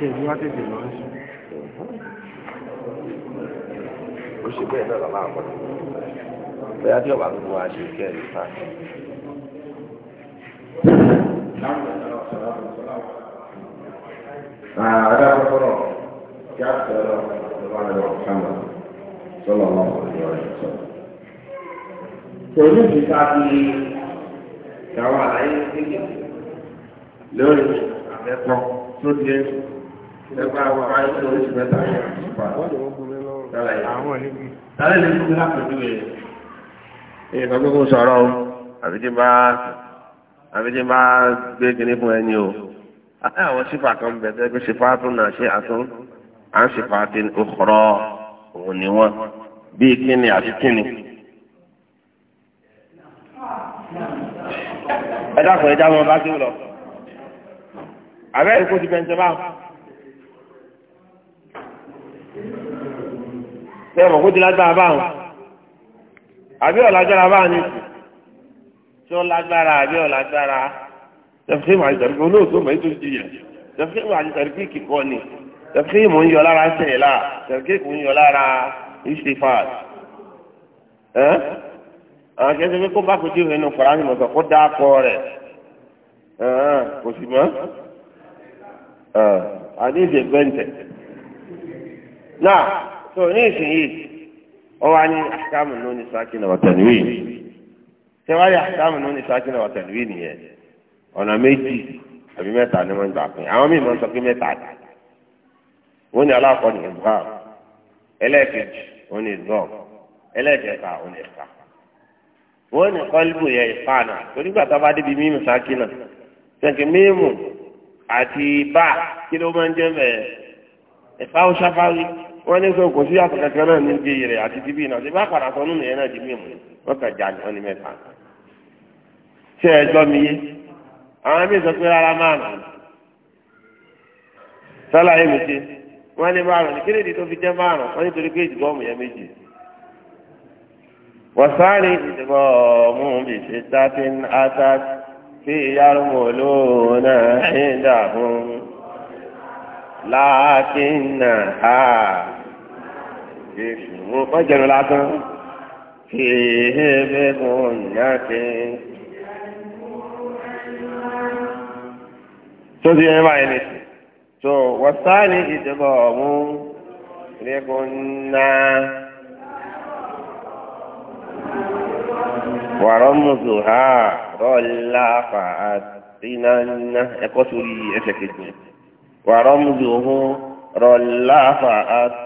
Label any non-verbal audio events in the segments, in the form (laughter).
jẹ́ ìlú àtẹ̀tẹ̀ lọ sí. ó ṣe bẹ́ẹ̀ náà lọ́la àpọ̀ bóyá tí ọba gbogbo wa ṣe kẹ́ ẹ̀ fà. Ada kọ́kọ́rọ́ kí a sọ̀rọ̀ ọ̀rọ̀ ọ̀rọ̀ kama sọ̀rọ̀ ọ̀rọ̀ ọ̀rọ̀ ọ̀rọ̀ sọ̀rọ̀. Pẹ̀lú ìgbésà bíi ìyàwó àlàyé kékeré lórí àfẹ́kọ́ tó di ẹgbẹ́ àwọn ayé lórí mẹ́ta tààlẹ̀ lè fún lápẹ̀jú rẹ̀ èèyàn gbogbo sọ̀rọ̀ o àbíjí bá àbíjí bá gbé kíní fún ẹni o àwọn sífà kan bẹ̀ tẹ́ pé sífà tún náà ṣe àtún à ń sífà tí ó kọ̀rọ̀ òun ni wọ́n bíi kíni àti kíni. ẹ dákun ẹ dá wọn bá tó lọ àbẹ́ ìkó ti bẹ́ńtẹ́ báwọn. sẹ́wọ̀n kó ti lágbára báwọn àbí ọ̀lágbára báwọn ni tí ó lágbára àbí ọ̀lágbára tẹ̀fíìmù àjẹsàríkì olóòtú mọ̀ ètò ìjìyà tẹ̀fíìmù àjẹsàríkì kíkọ́ ni tẹ̀fíìmù ń yọ lára sẹ̀yìnlá tẹ̀fíìmù ń yọ lára ìṣèfàd ẹ́ àwọn akẹ́sẹ́ pé kó bá kojú rẹ̀ nù kọ́ra ni mo sọ kó dá akọ rẹ̀ kò sì mọ́ àdéhìí ẹgbẹ́ náà tó ní ìsinyìí ó wá ní àkàmù ló ní sákì náà wàtẹ̀lúwì tí wọ́n yà àkàmù ló ní sákì náà wàtẹ̀lúwì nìyẹn ọ̀nà méjì àbí mẹ́ta ni wọ́n gbà pín àwọn míì máa sọ pé mẹ́ta dà wọ́n ní aláàkọ́ ní ìgbà ẹlẹ́ẹ̀kejì wọ́n ní ìgbà ẹlẹ́ẹ̀kẹta wọ́n ní ìgbà wọ́n ní kọ́líbù yẹ ìfàànà onígbà tó bá débi mímu sákì náà sẹ́ńkì mímu àti bá kí ló máa ń jẹ́ mẹ́ẹ̀ ẹ̀fáwọ́sáfáwí wọ́n ní sọ kò sí àtọ̀ kankan náà ní ibi rẹ̀ àti ibi náà ṣe bá padà sọ nínú yẹn náà di mímu wọ́n kà já wọn ní mẹ́ta. ṣé ẹ gbọ́ mi yé àwọn míì sọ pé rárá máa nà sálàyé mi ṣe wọ́n ní márùn ní kílódé tó fi jẹ́ márùn wọ́n nítorí pé ìdìbọ́mù yẹn méjì. wọ́sáré ìdìbọ́mù mi ṣe tàbí ata fi yàrá lónà ẹ̀dá fún láàkínà áà. mọ́jẹ̀rọ lásán fi hebe mo nyake. tó ti yẹn báyìí ni tó wasaani ìdìbò ọ̀mú lẹ́kùn náà. wàrọ̀mùsùhà rọ̀lá fàátínánná ẹ̀kọ́ sórí ẹsẹ̀ kejì wàrọ̀mùsùhù rọ̀lá fàátínánná.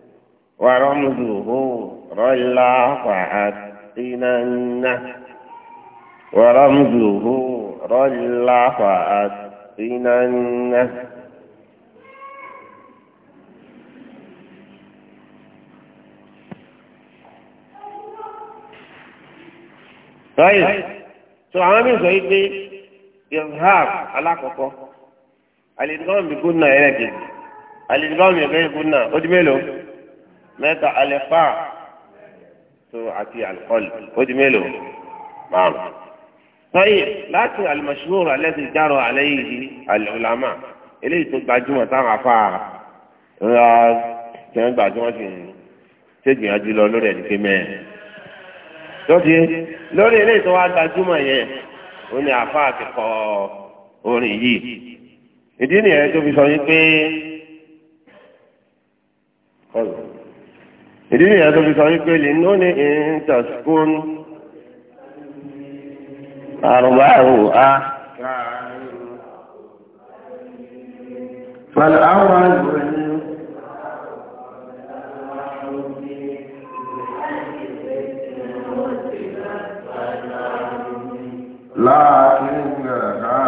ورمزه رلا فأتقننه ورمزه رلا فأتقننه طيب سعامي سيدي إظهار على كفو الإدغام بيكون إلى كده الإدغام يغير كنا قد mẹ́ta alẹ́fà tó àti alkọ́lì ó di mélòó márùn. sọ́yìn láti alimọ̀ṣúwòrò alẹ́ ti járọ̀ alẹ́ yìí alùlámà eléyìí tó gbajúmọ̀ táwọn afá ńlá tí wọ́n gbajúmọ̀ sí ní ṣègbìyànjú lọ lórí ẹni pé mẹ́rin. lọ́sí lórí eléyìí tó wá gbajúmọ̀ yẹn ó ní afá àti orin yìí. ìdí nìyẹn tó fi sọ yín pé ìdí nìyà tó fi sọ wípé lè nú ní ìntàṣkún àrùbá àrùn a. Fàlẹ̀ àwọn àgbẹ̀ ni láàrin ẹ̀ka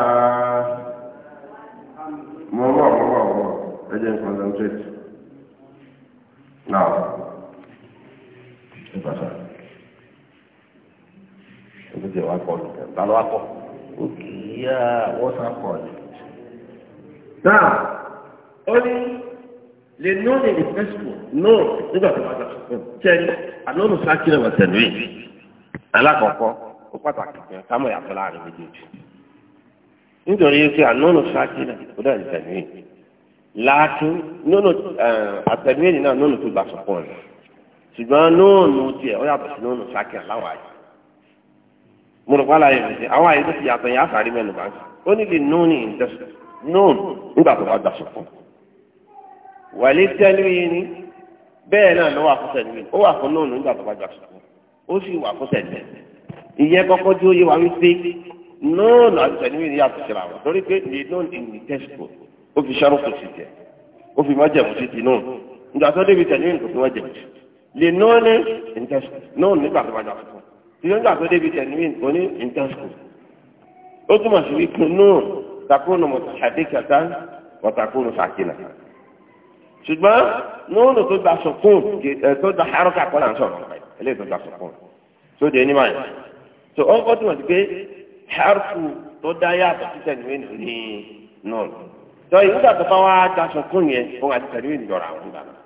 mọ́wọ́ mọ́wọ́ mọ́wọ́ ẹjẹ́ nǹkan lọ́nà tó ètò pàṣà ebi tẹ wá kọ ta ló wá kọ òkè yá wọ́n sá kọ ni. náà ó ní lè nú ní ní fẹsùn nù nígbà tó wà lọ tẹni ànọ́nù sákìlẹ̀ wọ̀ tẹ̀lé alákọ̀ọ́kọ́ ó pàtàkì kan kámọ̀ yàtọ̀ láàrin méjèèjì nítorí pé ànọ́nù sákìlẹ̀ ó dà ní tẹ̀lé láàkín nínú àtẹ̀lé náà nínú tó gbà sọ̀kọ́ rẹ̀ ṣùgbọ́n nóònù tiẹ̀ ó yàtọ̀ sí nóònù sákìá láwọn àyè mo rò pálá yẹn ṣe àwọn àyè tó ti yàtọ̀ yẹn àfàrí mẹ́nu bá ń sọ ó ní lè nóònù ìdẹ́sọ̀ nóònù nígbà tó bá gbà sọ fún wàlé tẹ́lú yìí ni bẹ́ẹ̀ náà ló wà fún sẹ́lú yìí ó wà fún nóònù nígbà tó bá gbà sọ fún ó sì wà fún sẹ́lú yìí ìyẹn kọ́kọ́ tí ó yé wa wípé nóònù àti sẹ́lú yìí yàtọ̀ sí Le nọ́ ní intesco náà nígbà tó bàjá fún un tìjọ́ nígbà tó débi tẹ̀lé ní oní intesco ó túmọ̀ sí wípé náà takùnù mọ̀tàkàdékàtà wọ̀tàkùnù sàkínà ṣùgbọ́n nóònù tó da sọ̀kún tó da haraka kọ́lá ń sọ̀rọ̀ eléyìí tó da sọ̀kún tó dé ní báyìí tó ó kọ́ túmọ̀ sí pé harfu tó dá yàtọ̀ sí tẹ̀lé ní náà tó ìgbà tó bá wá da sọ̀kún yẹn ó wà tẹ̀lé ní jọra àwọn ìgbà náà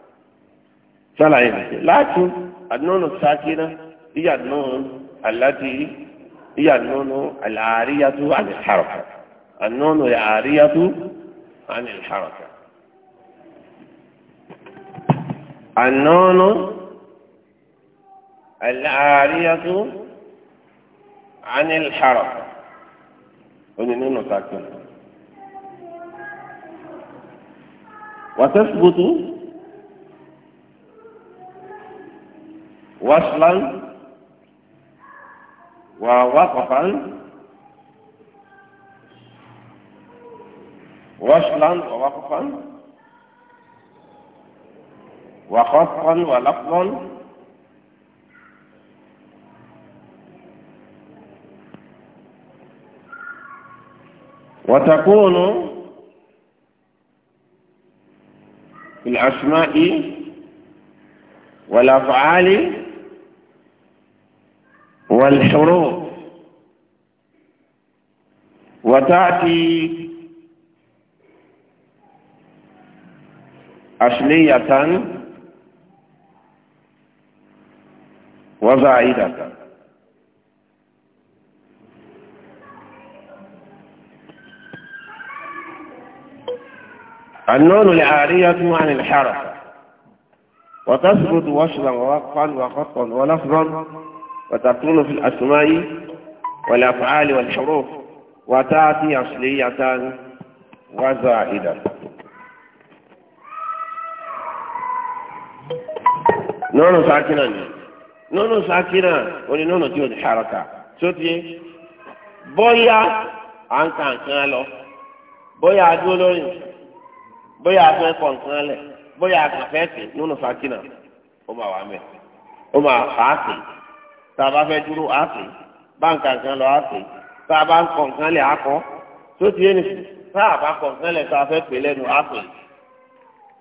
sálàyé bẹ̀rẹ̀ láti àdínọ́nù sákínà ìyàdínọ́nù aláti ìyàdínọ́nù àlàáríyàtú àlìhàrọ̀kà àdínọ́nù àlàáríyàtú àlìhàrọ̀kà. àdínọ́nù àlàáríyàtú àlìhàrọ̀kà onínúnù sákínà. wàtẹ́sibútú. وصلا ووقفا وصلا ووقفا وخفا ولفظا وتكون في الأسماء والأفعال والحروف وتأتي أصلية وزائدة النون العارية عن الحركة وتثبت وصلا ووقفا وخطا ولفظا وتكون في الأسماء والأفعال والحروف وتأتي أصلية وزائدة نون ساكنة نون ساكنة ولي نون تيود حركة سوتي بويا أنت أنت لو بويا دولوري bóyá a fẹ́ kọ̀ nǹkan lẹ̀ bóyá a kàn fẹ́ sè nínú sakina tá a bá fẹ́ dúró á pè báńkà kan lọ á pè tá a bá ń kọ̀ nǹkan lẹ̀ á kọ́ tó ti yé ni tá a bá kọ̀ nǹkan lẹ̀ tá a fẹ́ pè lẹ́nu á pè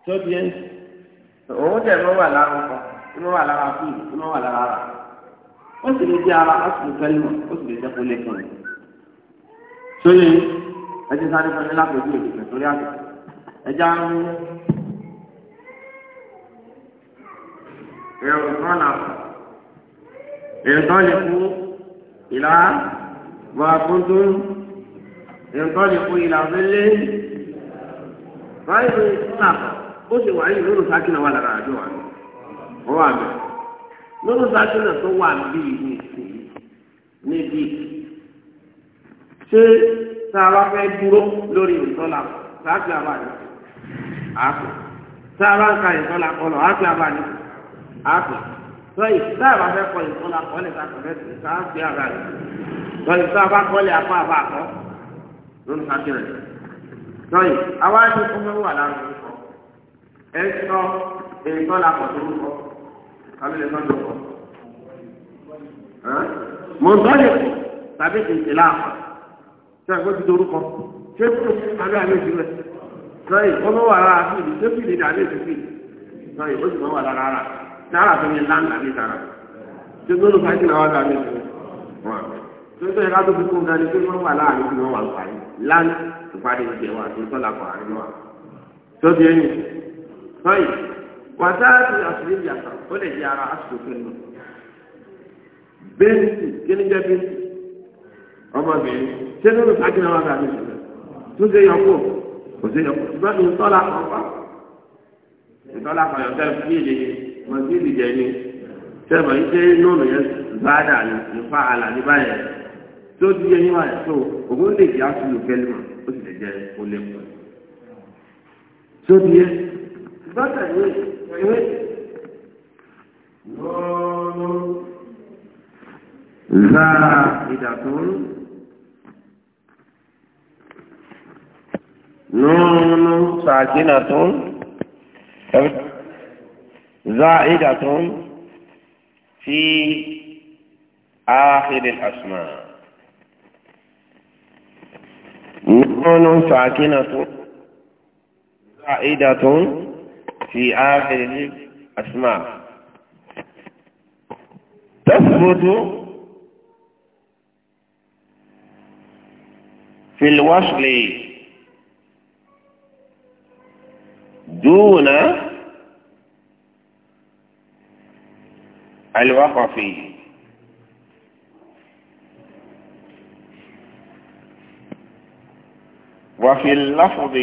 tó ti yé ni. òun tẹ̀ ló wà lára ọkọ̀ ló wà lára fún ìlú ló wà lára rà ó sì lè jẹ́ ara ó sì lè fẹ́lẹ́ mọ̀ ó sì lè jẹ́ kó lẹ́kọ̀ọ́ rẹ̀. sóyè ẹ ti sáré fún mi lápẹ̀jú èdè pẹ̀tọ́rí àgbẹ̀ ẹ já ń ẹ̀rọ kan náà. انطلقوا إلى ما كنتم انطلقوا إلى ظل غير مطلق ó sì wà ní lóru sákìnà wà lára àjọ wa ó wà mí lóru sákìnà tó wà bí ní ìsìn níbi ṣé tá a bá fẹ́ dúró lórí ìtọ́lá sáàkì àbáyé àpò tá a bá ń ka ìtọ́lá kọlọ̀ àpò àbáyé àpò lọ́yìn tá a bá fẹ́ kọ́ ìfún la kọ́ lè ta kọ́ lẹ́sìn tá a fi ara rẹ̀ lọ́yìn tá a bá kọ́ lè apá àbá kọ́ lónìí sáfì rẹ̀ lọ́yìn àwa ni ọmọ wà lára orúkọ ẹ sọ èyí tọ́ la kọ̀ tó orúkọ kábí lè sọ́dọ̀ kọ́ mọ̀ntọ́lẹ̀ tàbí tìǹtìlá àpá tí a kò ti dorúkọ ṣé kò àbí àbí ìdílé lọ́yìn ọmọ wà lára fìdí ṣé fìdí ni àbí ìdílé lọ́yìn ó sì mọ̀ wà lára rà. náírà tó ní láńlá ní sára tó gbọ́dọ̀ fàájì náà wà láàrin ìṣòro wọn tó tó yẹ tó fi kún gan ni pé wọ́n láàrin tí wọ́n wà ń parí láńlá ìpàdé ìjẹ wa tó tọ́lá kọ̀ àárín tó di ẹ̀yìn sọ́yìn wà sáàtì àṣírí ó lè di ara tó lò kí ni jẹ́ ọmọbìnrin ló mọ̀síìlì jẹ́ ní sẹ́fọ̀ yìí ṣe lónà yẹn záàdà ní ìfá àlà ní báyẹn tó ti yẹ níwáyé tó òun lè jẹ́ àtúlù kẹ́lìmọ̀ ó sì lè jẹ́ olè pọ̀ tó ti yẹ. bàtà ìwé ìwé. Zaa ìdàtún. Nùnú sàkínà tún. زائدة في آخر الأسماء نون ساكنة زائدة في آخر الأسماء تثبت في الوصل دون فيه وفي اللفظ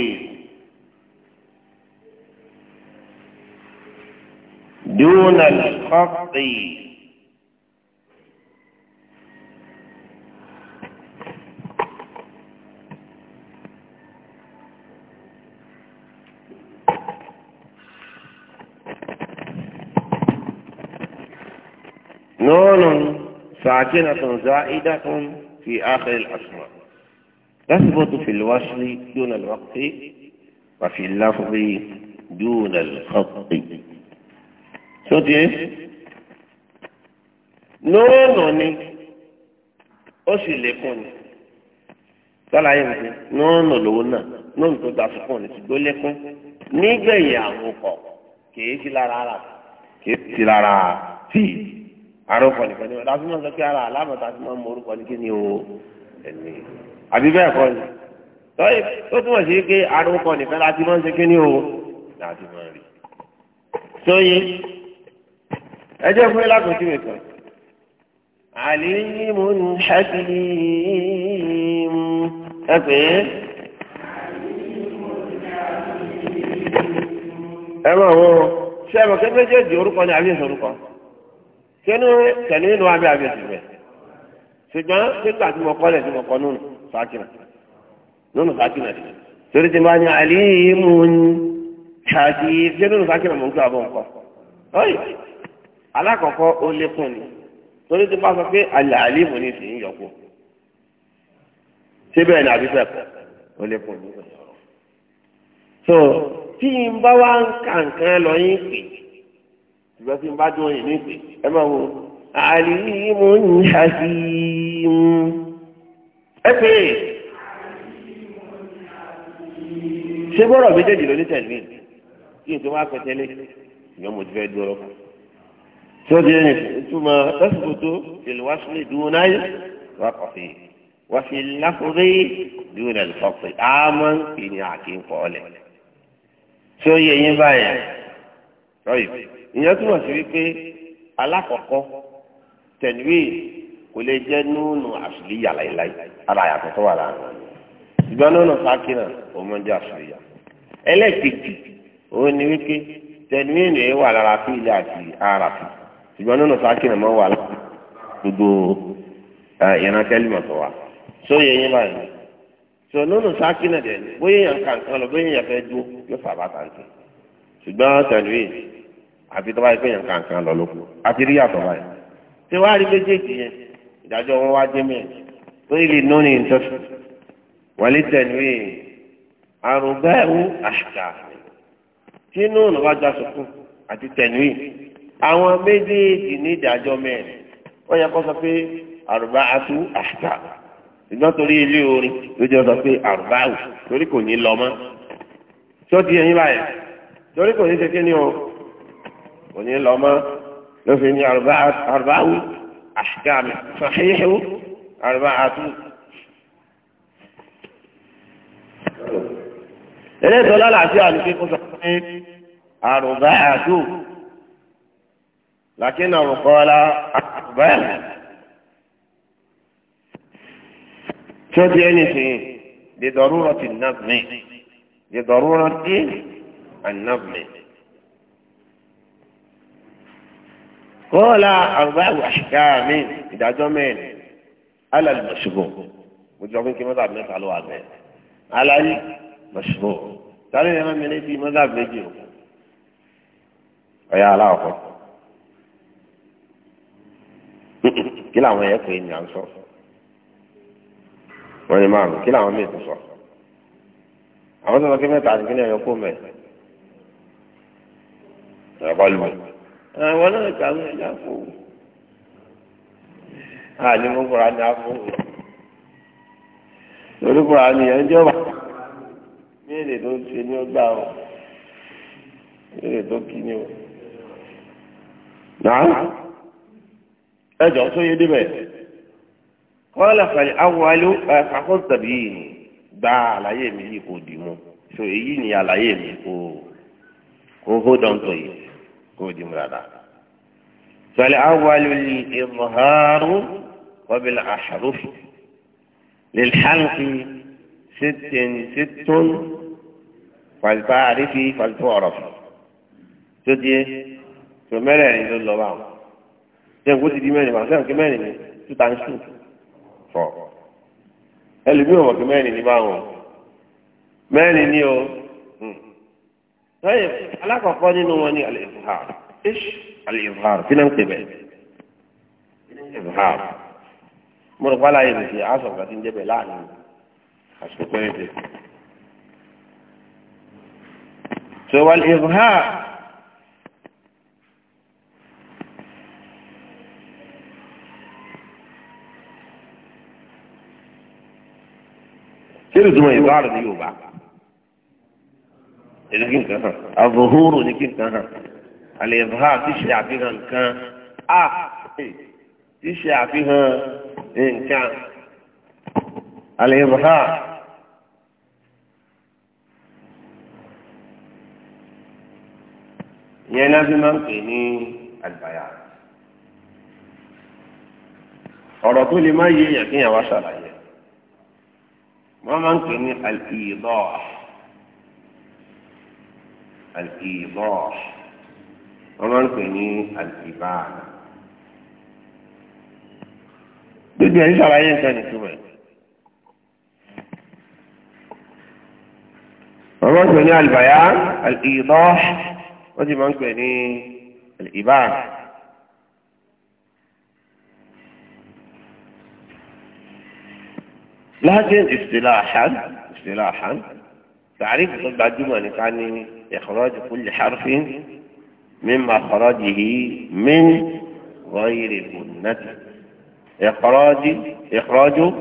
دون الخط ساكنة زائدة في آخر الأسماء تثبت في الوصل دون الوقت وفي اللفظ دون الخط سوتي نون ني ó sì lékún ni sálàyé mi nọ́ọ̀nù lówó náà nọ́ọ̀nù tó gba sùkún ní ṣùgbọ́n lékún nígbẹ̀yìn àwọn ọkọ̀ kì í sí lára ara kì í sí lára tíì àròkọ nìkan ni wọn láti máa sọ pé ara àlámọ̀tá ti máa ń mọ orúkọ ní kíni o ẹni àbí bẹ́ẹ̀ kọ́ ni tọ́yì tó túmọ̀ sí pé àròkọ nìkan láti máa ń ṣe kíni o láti máa rí sóye ẹ jẹ́ fún ilákùnjú mi kan àlímù ń ṣàkíyìm ẹ pè é ẹ máa wọ ṣé ẹ mọ̀ kí méjèèjì orúkọ ni àbí ìṣòro kan sẹ́nu tẹ̀lé inú abẹ́ abẹ́ ti bẹ̀ ṣùgbọ́n nígbà tí mo kọ́lẹ̀ tí mo kọ́ nínú sákìnà nínú sákìnà ti torí ti máa ní àlímù ń ṣáàtì ṣé nínú sákìnà mo ń gbà bọ̀ nǹkan ọ̀yì alákọ̀ọ́kọ́ ó lékún ni torí ti bá sọ pé àlẹ́ àlímù ni sì ń yọkù síbẹ̀ ní àbífẹ́ kọ́ ó lékún ni so tí n bá wá ń kà nǹkan lọ yín pè ṣùgbọ́n tí n bá dún yìí nísì ẹ máa wò àlìmú hakim ẹ pé ṣé bọ́rọ̀ méjèèjì ló ní tẹ̀lé kí n tó wá pẹ̀tẹ́lé ìyẹn mo ti fẹ́ dúró tí ó di ẹni ìtumọ̀ lọ́sibítù ìlúwàsílẹ̀ ìdúró náà yẹ wà kọ̀fì wàfi láfúrí ìdúró náà lọ́sọ̀tì àmọ́ ìyẹn àkínkọ́ ọ̀lẹ̀ tí ó yẹ yín báyìí tọ́yì ìyẹn túmọ̀ sí wípé alákọ̀ọ́kọ́ tẹ̀lé kò lè jẹ́ núùnù àṣìlíyà láìláì ara àyàtọ̀ tó wà láàrin wọn ìgbà núùnù sákìnà òun máa ń jẹ́ àṣìlíyà ẹlẹ́ẹ̀kejì òun ni wípé tẹ̀lé ìrìn wà lára fún ilé àti ara fi ìgbà núùnù sákìnà máa wà lára gbogbo ìrántẹ́lìmọ̀ tó wà sóyè yín báyìí sọ núùnù sákìnà dẹ̀ bóyá yàn kàǹkan lọ bóyá yàn fẹ́ dúró yóò fà bàtà ń tẹ̀ ṣùgbọ́n tẹ̀lé àti tó bá yẹ pé yẹn kankan lọ lóko àti rí yàtọ̀ báyìí tí wàá rí méjèèjì yẹn ìdájọ́ wọn wá jẹ́ mẹ́rin torí lè nú ní ìtọ́sí wọlé tẹ̀lé àrùn bẹ́ẹ̀ wú àṣà tí nù ní wájú àṣùkù àti tẹ̀lé àwọn méjèèjì ní ìdájọ́ mẹ́rin wọ́n yẹ kó sọ pé àrùbá atú àṣà ìgbọ́n torí ilé orin ló jẹ́ sọ pé àrùbá wù torí kò ní lọ mọ́ sọ́ọ́dì ẹ̀yìn báyìí torí kò ní ṣe kí ni o. وني لما نفهم أربعة أربعة أحكام صحيح أربعة إليه لا العشياء لكي قصة أربعة لكنه قال أربعة شو يعني في لضرورة النظم لضرورة النظم kọ́ọ̀lá àrùbáwò àṣìká mi ìdájọ́ mẹ́rin alali mọ̀ṣubú mo jọ pé kí mọ́tà mẹ́ta ló wà bẹ́ẹ̀ alali mọ̀ṣubú sáré yẹn máa mẹ́rin bíi mọ́tà méjì o ọ̀yà aláwọ̀ kí làwọn yẹn pè é ní à sọ wọ́n ní márùn kí làwọn mẹ́tò sọ àwọn sọ̀rọ̀ kí mẹ́ta àti kí ni ẹ̀yọ́ kó mẹ́ ẹ̀rọ bá lù mọ́ àwọn náà kàwé ẹ̀dá fún un àní mo kura ní afún mi lórí kura ní ẹjọ́ bá ní èdè tó ṣe ní ọgbà o èdè tó kí ni o náà ẹjọ́ tó yé débẹ̀ kọ́lá fàlì awọ́lú ẹ̀fàkọ́ tàbí gba àlàyé mi yìí kò dì mú so èyí ni àlàyé mi kò kò hold on yìí kó di mu dada. sọlẹ̀ awalu li ìmọ̀hárù kọ́bìlì àṣàrùfù lè xalqi sittin sittun faltaarifi faltuorofu tó di tó mẹ́rẹ̀ẹ̀rin ló lọ́wọ́ àwọn sẹ́yìn kó ti di mẹ́rin wọn sẹ́yìn kí mẹ́rin ni tó ń sùn fọ ẹlòmíràn wọ̀ kí mẹ́rin ni báwọn mẹ́rin ni o. طيب علاقة قانين واني الإظهار إيش الإظهار في ننقبه إظهار مرق ولا يبكي عصر قاتين جبه لعنة خشب كويته سوى الإظهار كيف تسمى إظهار ديوبا ẹni kí nǹkan hàn àbòhóró ni kí nǹkan hàn àlè ìbá ti ṣe àfihàn nǹkan a ti ṣe àfihàn nǹkan àlè ìbá. náà fi máa ń pè ní àgbàyà ọ̀rọ̀ tó lè má yé èèyàn kéèyàn wọ́n máa ń pè ní àlè ìbá. الإيضاح ومن كني الإبانة بدي أعيش على أي إنسان كمان ومن كني البيان الإيضاح ودي من كني الإبانة لكن اصطلاحا اصطلاحا تعريف بعد جمله ثانيه إخراج كل حرف مما خرجه من غير المنة إخراج إخراج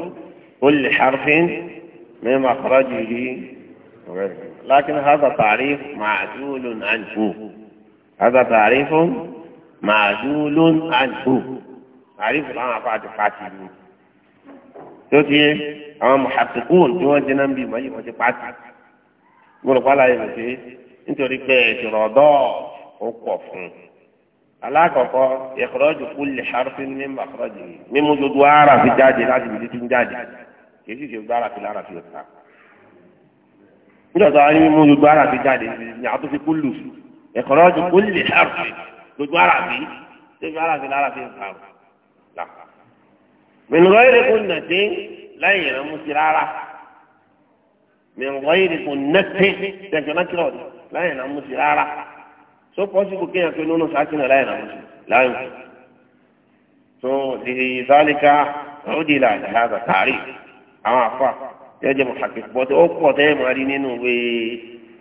كل حرف مما خرجه غير لكن هذا تعريف معزول عنه هذا تعريف معزول عنه تعريف الآن بعد فاتح توتي أما محققون توجنا بما يفتح فاتح mo rò pa láyé nítorí pé ìṣòrọ̀dọ́ ó pọ̀ fún un. alákọ̀ọ́kọ́ ìkọ̀rọ̀jù kú lè harfi ní màkọ́rọ̀jù yìí mímú gbogbo ara fi jáde láti ibi títí ń jáde kì í sì ṣe gbogbo ara fi lára fi ọ̀tá. nítorí àwọn mímú gbogbo ara fi jáde ní àtúnfi kú lù ìkọ̀rọ̀jù kú lè harfi gbogbo ara fi gbogbo ara fi lára fi ọ̀tá. mìnrọ̀ ìrẹ́kùn nàdé láì yẹ̀rẹ̀ mú sí rárá mìnrọ̀ ìrẹ́kùn nàdé tẹ̀sán náà láyìn náà mutí rárá so pọ́sibú kéèyàn pé nínú sáàtì náà láyìn náà mutí láyìn mutí so lèyí sálíkà ọ̀dì là ìhàbà tààrí àwọn afa yóò jẹ́ mọ̀hàkì pọ̀tẹ́ ó pọ̀ tẹ́ máa rí nínú wé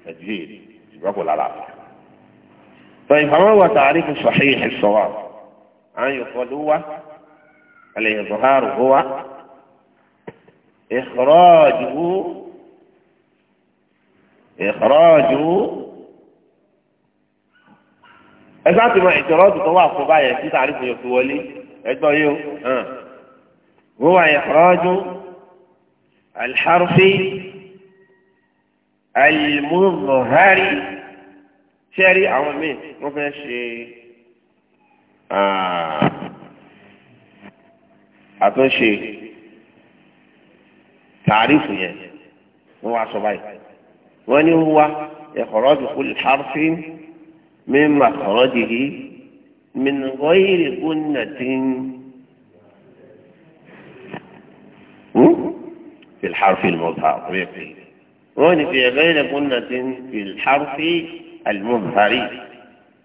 ẹ̀jú yìí ṣùgbọ́n kò lára àpá. sọ ìfàmọ́ wa tààrí fún sahih as-sawab an yuqaluwa al-izhar huwa ikhrajuhu ikhrajuhu ẹ̀sán ti mọ ìṣòro ọ̀dùn tó wà fún báyẹn tí tàrífù yóò fi wọlé ẹgbọ́n yìí ó wọ́n wà ìfọ́jú alḥarfi alimuhari sẹ́rí àwọn míì wọ́n fẹ́ ṣe àtúnṣe tàrífù yẹn wọ́n wá sọ báyìí wọ́n ní wọ́n wá ìfọ́jú alḥarfi. من مخرجه من غير كنة في الحرف المظهر ويكفي هون في غير كنة في الحرف المظهر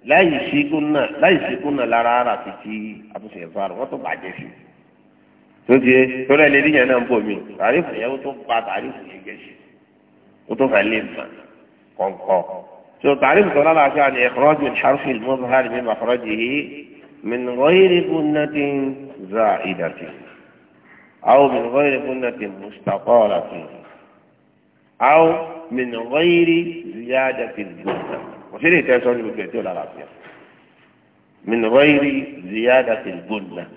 لا يشيكن لا يشيكن لا رارا في شيء أبو سيفار وطبع جيشي sotie tora le diyan na mpo mi tàrífù yẹn wọ́n tó pa tàrífù yẹn gẹ̀ẹ́sì wọ́n tó fẹ́ lé nǹkan kọ̀ọ̀kan سو تعريف الدلالة يعني إخراج الحرف المظهر من مخرجه من غير كنة زائدة أو من غير كنة مستقالة أو من غير زيادة الجنة وفي ليه تأسوني بجيتي ولا رأسي من غير زيادة الجنة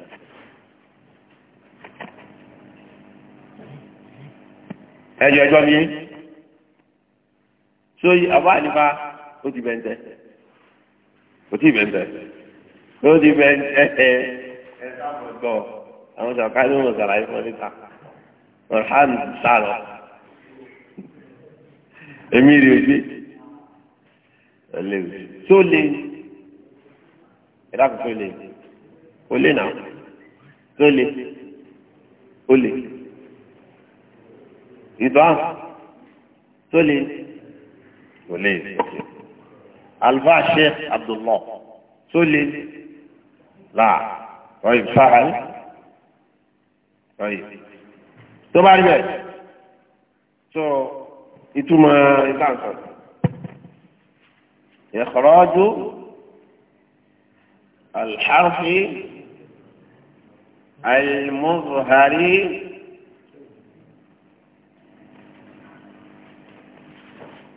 أجي أجي أجي سوي أبا ó ti bẹ̀ǹtẹ̀ ó ti bẹ̀ǹtẹ̀ ó ti bẹ̀ǹtẹ̀ ẹ sábọ̀ gbọ́ àwọn sàkà ní wọn sàlàyé fún níta wọn há ń sá lọ èmi rí ojú ẹ tó lè ẹ tó lè ó lè nà tó lè ó lè ìdọ́ àwọn tó lè kò lè. الفاش شيخ عبد الله سولي لا طيب فعل طيب تو بعد ذلك تو يتم يتعصر إخراج الحرف المظهر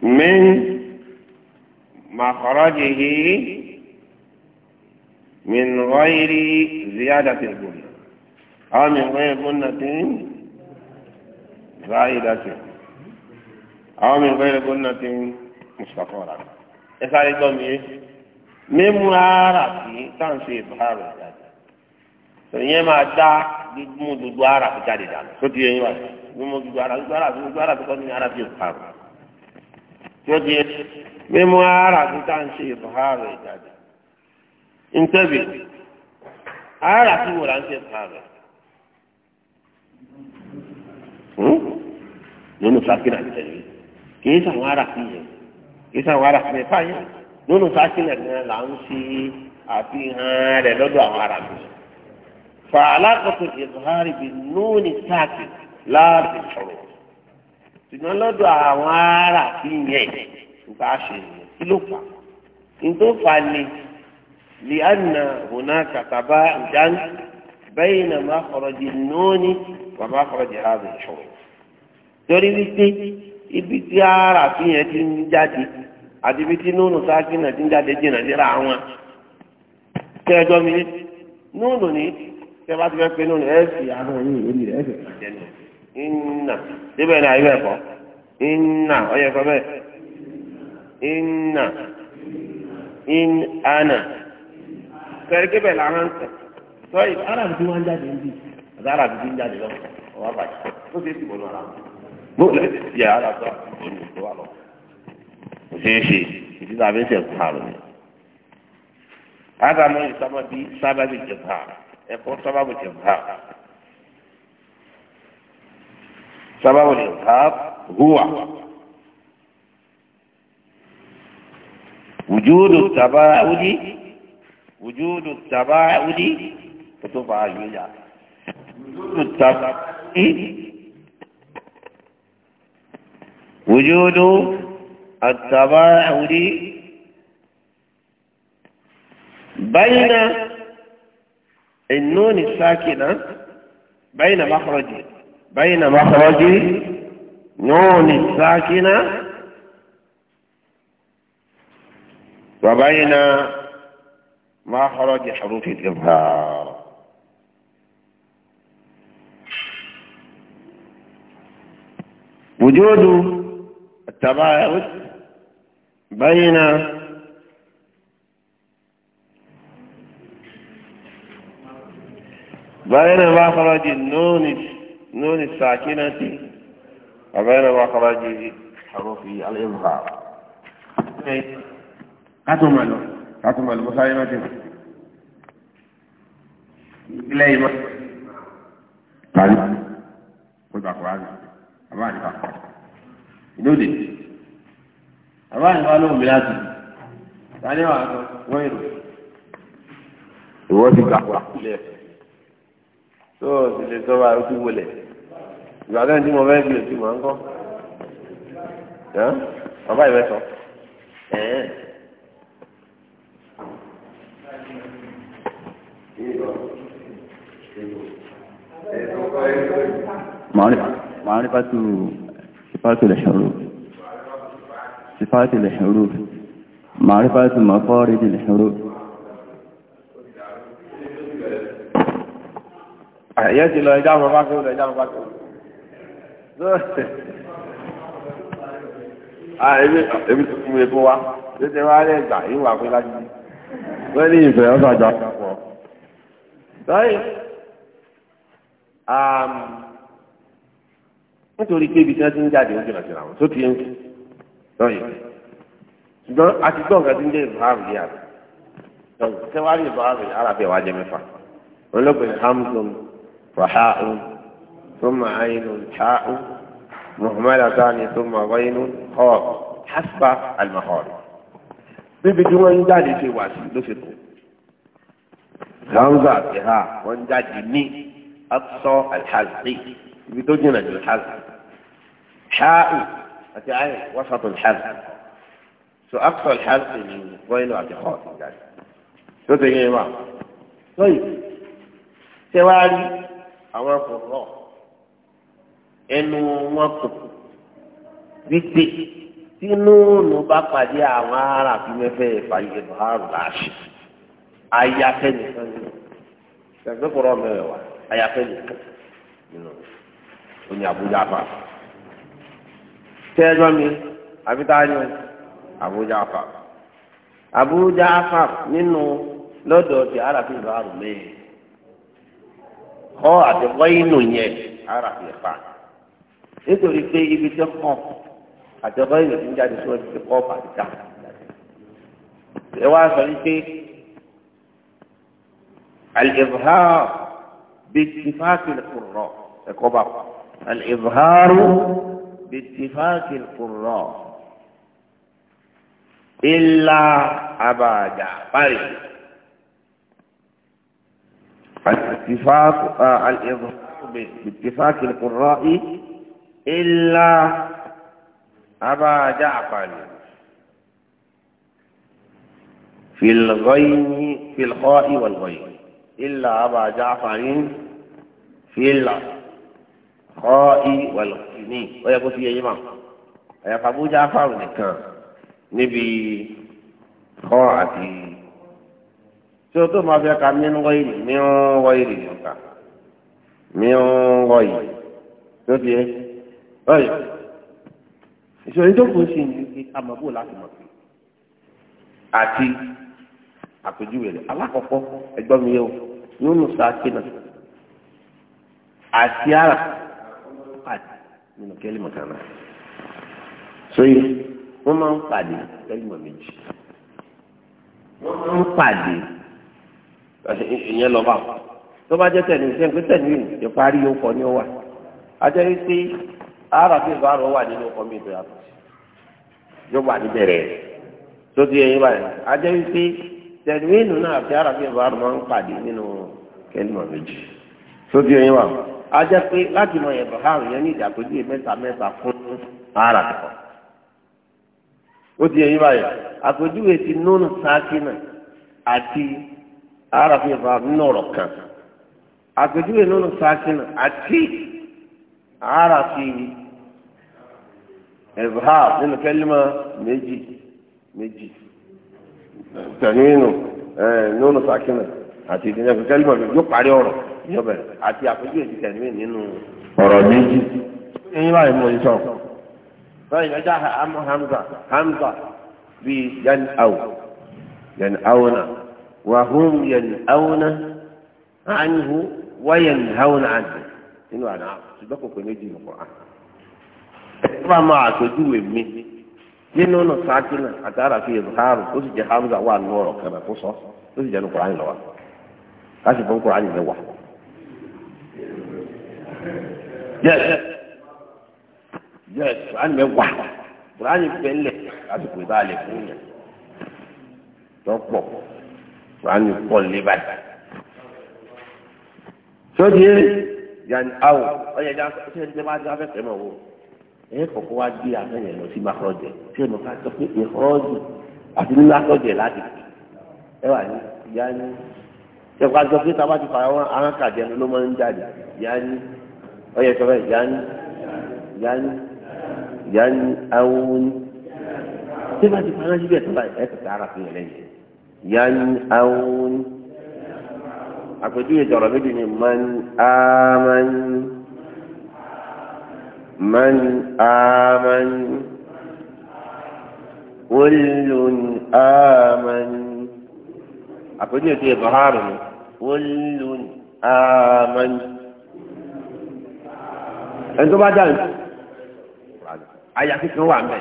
من مخرجه من غير زيادة الكل أو من غير قنة زائدة أو من غير قنة مستقرة إسأل الدمية mímú ara sí táǹsì ìbára ìdájọ tòyẹn máa dá mímú dúdú ara fi jáde dànù tó ti yẹ yín wá mímú dúdú ara dúdú ara dúdú ara fi kọ́ ní ara fi ìbára tí ó di mímú ara títa ń ṣe ìfọ̀hárọ̀ ìjáde ntẹ́bi ara tí wò láǹṣẹ̀ ìfọ̀hárọ̀ nínú sákìnà tẹ̀lé kìí sàwọn ara fi yẹ kìí sàwọn ara fi yẹ fáyà nínú sákìnà gan là ń ṣe àfihàn rẹ̀ lọ́dọ̀ àwọn ara fi fàlàkọ̀tò ìfọ̀hárọ̀ bí nùní sáàkì láàbì sọ̀rọ̀. ṣùgbọ́n lọ́dọ̀ àwọn ará sí yẹn nípa ṣe kí ló fà nítorí fà ni lè ànà ònà kàtàbà ìdáná bẹ́ẹ̀ nà má kọ̀rọ̀dì ààbò ìṣòro. ibi tí ará sí ti ń jáde àti ibi tí nónù sáàkì náà ti ń jáde jìnnà síra wọn. kẹjọ mi nónù ni kẹ ti fẹ́ pé ẹ̀ fi inna síbẹ̀ ní ayé ẹ̀kọ́ inna ọyẹ ẹ̀kọ́ bẹ́ẹ̀ inna in ana kẹ́rìkẹ́ bẹ́ẹ̀ làwọn ń tẹ̀ sọ́yìn ara mi ti wá ń jáde ń bì àti ara mi ti ń jáde lọ́wọ́ ọ̀wá bàjẹ́ ó ti ti bọ̀lú ara mi mo lè yà ara sọ àti ìbò tó wà lọ kò ṣeé ṣe ìdí tàbí ń sẹ̀kú àrùn mi. Adamu ìsámá bíi sábàbí jẹ̀bù ha ẹ̀kọ́ sábàbí jẹ̀bù ha. سبب الإظهار هو وجود التباعد وجود التباعد وتبع الجزاء وجود التباعد وجود التباعد بين النون الساكنة بين مخرجين بين مخرج نون الساكنة وبين مخرج حروف الإظهار وجود التباعد بين بين مخرج النون الساكنة نون الساكنة وبين مخرج حروف الإظهار أتمل أتمل مسلمة إليما طالب قد أقوال أباني فأقوال نودي أباني فأقوال بلاتي ثاني واحد ويرو ìwọ́n ti gbà wá. tó o sì lè sọ wa ó ìgbàgbọ́ tí mo fẹ́ bí òtí mọ̀ ń kọ́ bàbá ìwé sọ. معرفة صفات الحروف صفات الحروف معرفة مفارد الحروف يأتي لو إجابة باكر ولا إجابة باكر Ah, ebi tó fún mi fún wa tètè wá lè gbà yín wà pé lájú wọ́n ní ìfẹ́ ọ̀sán àjọ àpapọ̀. sọ́yìn um, nítorí pé ibi tí wọ́n ti ń jáde ó jìnnà síra wọn tó ti ń sọ́yìn ṣùgbọ́n a ti gbọ́ ń dé ìlú àrùn yìí àná tẹ̀wárí ìlú àrùn yìí àràbẹ̀ wájẹ mẹ́fà olóògbé hamdun rahaahu. ثم عين حاء مهملتان ثم غين خاف حسب المخارج بيبدو ان جادي في واسي لفتو غمزة بها وان جادي ني أقصى الحزقي بيبدو جنج الحزق حاء أتعين وسط الحزق سو أقصى الحزق من غين واتخاف تتجي ما طيب سوالي أمام الله ẹnu wọn kù wípé tí nóònù bá pàdé àwọn ará fi mẹ́fẹ́ ìfàyè bàárù láàṣì ayáfẹ́ nìkan ni ṣàgbékọ̀rọ̀ nìkan nínú oní mi nínú ti yẹn nítorí pé ibi tó kàn àjọba ìlú ti ń jáde sí ọdún ti kọ́ bàtà ẹ wá sọ wípé al-izhar bi-ittifaq al ẹ̀kọ́ bá wà al-izhar bi-ittifaq al-qurra illa abàjà báyìí. الاتفاق الإظهار باتفاق ilá abájá àpàlù filgọ́yìní filgọ́ ìwọ̀lgọ́yì ilá abájá àpàlù filgọ́ ìwọ̀lgọ́yì ó yẹ kó fi yẹ yín mọ́ àyàfà bójá àpàlù nìkan níbi kọ́ àti tí o tó máa fi ẹ̀ka mí ń wọ́ ìrì mí ń wọ́ ìrì nìkan mí ń wọ́ ìrì tó fi yẹ ọ̀yọ̀ ìṣòro tó kù sí ní ike amọ̀bó láti mọ̀ sí àti àpèjúwe rẹ̀ alákọ̀ọ́kọ́ ẹgbọ́n mi yẹ o nínú sàkínà àti ara pàdé nínú kẹ́límọ̀ kan náà sóyè wọ́n máa ń pàdé kẹ́límọ̀ méjì wọ́n máa ń pàdé ìyẹn lọ́ba tó bá jẹ́ tẹ̀lé iṣẹ́ pé tẹ̀lé ìparí ó kọ ní ó wà á jẹ́ pé. ara fi ìgbà rọ wà nínú ọkọ ya ìgbà rọ yóò wà níbẹ̀ rẹ̀ tó ti yẹn báyìí ajẹ́ wípé tẹ̀lifíìnù náà fi ara fi ìgbà rọ máa ń pàdé nínú kẹ́límọ̀ méjì tó ti yẹn pé láti mọ yẹn ní fún ara ó ti yẹn ti àti ara fi nínú kan àti ara ẹ̀fà nínú kẹ́límà méjì méjì tẹ̀nínú nínú sàkínà àti ìdíyẹ̀fẹ̀ kẹ́límà méjì yóò parí ọ̀rọ̀ yọ̀bẹ̀ àti àpèjúwe ti tẹ̀nínú nínú ọ̀rọ̀ méjì. ẹyin báyìí mo ń sọ. báyìí lọ́jà hamza hamza bíi yan aw yan awna wàhùn yan awna anhu wáyan hawna anhu nínú àná ṣùgbọ́n kò pè méjì nìkan. ẹ̀fọ́ àmọ́ àpèjúwe mi nínú ọ̀nà sákìnà àtàrà fi ìbùkárù ó sì jẹ́ hamza wà nù ọ̀rọ̀ kẹrẹ tó sọ ó sì jẹ́ nu kùránì lọ́wọ́ láti fún kùránì mẹ́wàá. yẹ́sì kùránì pẹ́lẹ̀ láti pè bá a lè fún yẹn lọ́pọ̀ kùránì pọ̀ sọ́dí yẹn yàn áwọ̀ ọ̀yẹ̀dá bá dá fẹ́ fẹ́ mọ̀ ẹ kọ̀kọ́ wá gbé abẹ́yẹn lọ sí makọ́jẹ̀ tí ẹnu ká sọ pé ìhọ́ọ̀dù àti nínú akọ́jẹ̀ láti ẹ wà ní ìyá ní ṣe wá sọ pé tábà ti fa àwọn arákàjẹ ló máa ń jáde ìyá ní ọyẹ sọ bẹ́ẹ̀ ìyá ní ìyá ní ìyá ní awo ní tí wọ́n ti fa aráàlú tó báyìí ẹ kẹta ara fi hàn lẹ́yìn ìyá ní awo ní àpèjúwe tọrọ méjì ni mọ́ni áá من آمن كل آمن أقول لك إبهار كل آمن أنتم بعد àyàfi kan wà mẹ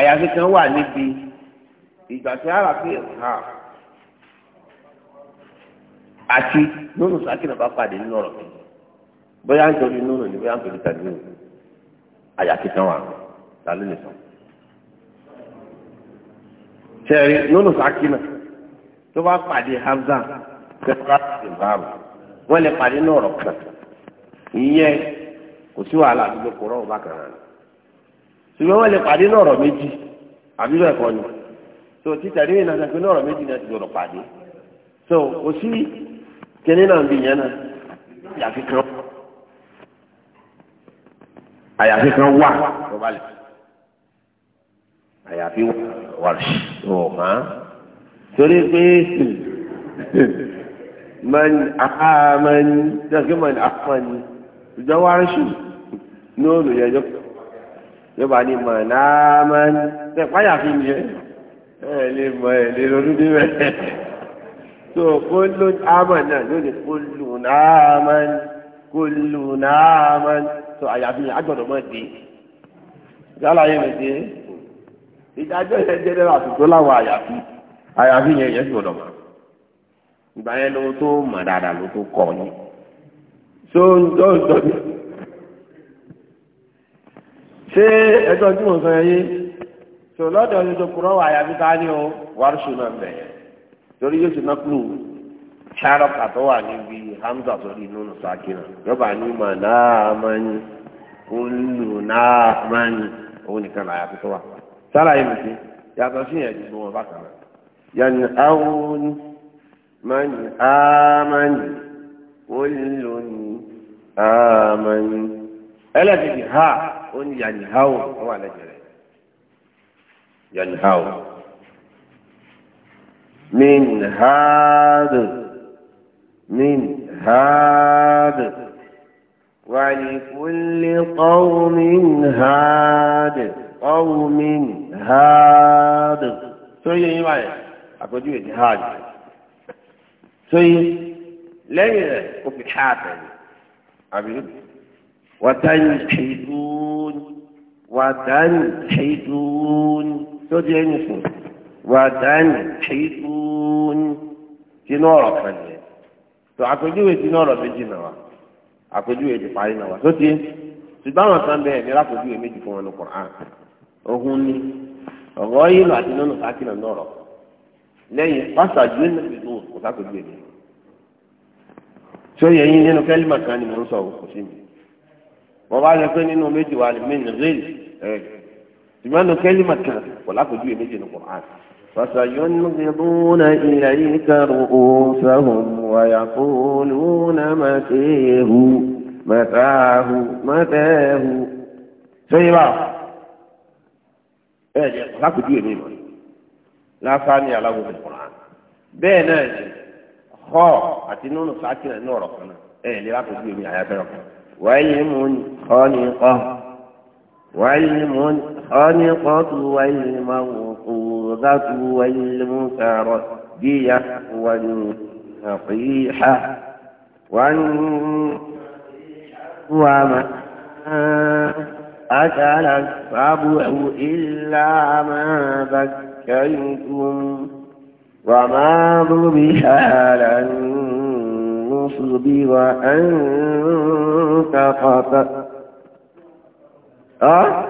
àyàfi kan wà níbi ìgbà tí ara fi hàn àti lónìí sákìnà bá pàdé nínú ọ̀rọ̀ kejì bóyá ń torí nínú ni bóyá ń torí tàbí nínú àyàfi kan wà ta ló lè sọ. sẹ́ẹ̀rì nínú sàkínà tó bá pàdé hamza sẹ́kọ̀rọ̀ ìbámu wọ́n lè pàdé ní ọ̀rọ̀ kan ìyẹn kò sí wàhálà àdúgbò kò rọ̀ bá kàn án ṣùgbọ́n wọ́n lè pàdé ní ọ̀rọ̀ méjì àbí bẹ́ẹ̀ kọ́ ni tó títẹ̀rí ìnáṣẹ́ pé ní ọ̀rọ̀ méjì náà ti gbọ́dọ̀ pàdé so kò sí kíní náà bí ìyẹn náà yàtí kan àyàfi kan wà tó bá lè àyàfi wà ọ̀hán torí pé man ahaman dàgbé man ahaman ìjọwárìṣù ní olùyẹjọ yọba ni man ahaman tẹpá àyàfi ni ẹ ẹ lè mọ ẹ lè ronú níbẹ̀ tó kólú ahaman náà lónìí kólú ahaman kólú ahaman sọ àyàfi yẹn agbọ́dọ̀ mọ́ di yálà yẹn lè dé ìdájọ́ yẹn jẹ́ lẹ́wọ̀ àtúntò láwọn àyàfi àyàfi yẹn yẹn gbọ́dọ̀ mọ́ ìgbà yẹn ló tó mọ̀ dáadáa ló tó kọ́ ni tó ń tọ́ ń tọ́ ṣé ẹjọ́ tí mo sọ yẹn yé tó lọ́dọ̀ ní tó kúrọ́ wà àyàfi ká ní o wàásù náà bẹ̀yẹ torí yóò ṣe náà kúrò. sárọ́pà tó wà níbi hamza sórí inú sàkínà yọba ní mà náà máa ń kúlù náà máa ń òun nìkan là yàtọ̀ tó wà sára yìí nìkan yàtọ̀ sí yẹn gbogbo wọn bákan náà yẹn àwọn máa ń ámán kúlù ámán ẹlẹ́dìdì ha ó ní yàn háwò ó wà lẹ́jẹ̀ rẹ̀ yàn háwò min haadu. من هاد ولكل قوم هاد قوم هاد سوي يبقى أقول هاد سوي لين وفي حاتم أبي وتنحتون وتنحتون سوي وتنحتون في نورة فنية tó àpèjúwe ti ní ọ̀rọ̀ méjì náà wá àpèjúwe ti parí náà wá sóti ṣùgbọ́n àwọn kan bẹ́ẹ̀ ní lápèjúwe méjì fún wọn ní Qur'an ohun ni ọ̀rọ̀ yìí lọ àti nínú sákìnà náà rọ̀ lẹ́yìn pásítọ̀ àjùwé náà fi tó kò sápèjúwe mi sóyè yín nínú kẹ́límà kan ni mò ń sọ kò sí mi wọ́n bá yẹ pé nínú méjì wà ní mí ní rèé ẹ̀ ṣùgbọ́n nínú kẹ́límà kan kò lápèjúwe méjì ní Qur'an فسينغضون إليك رؤوسهم ويقولون متيه متاه متاه سيبا لا كتير ميما لا ثانية له في القرآن بين خو أتنون ساكنا نورقنا إيه لا كتير ميما يا فرق ويم خانقة ويم خانقة ويم موقوف القربة والنصيحة والنصيحه وما أكل السبع إلا ما ذكيتم وما ضبح على النصب وأن تقطع أه؟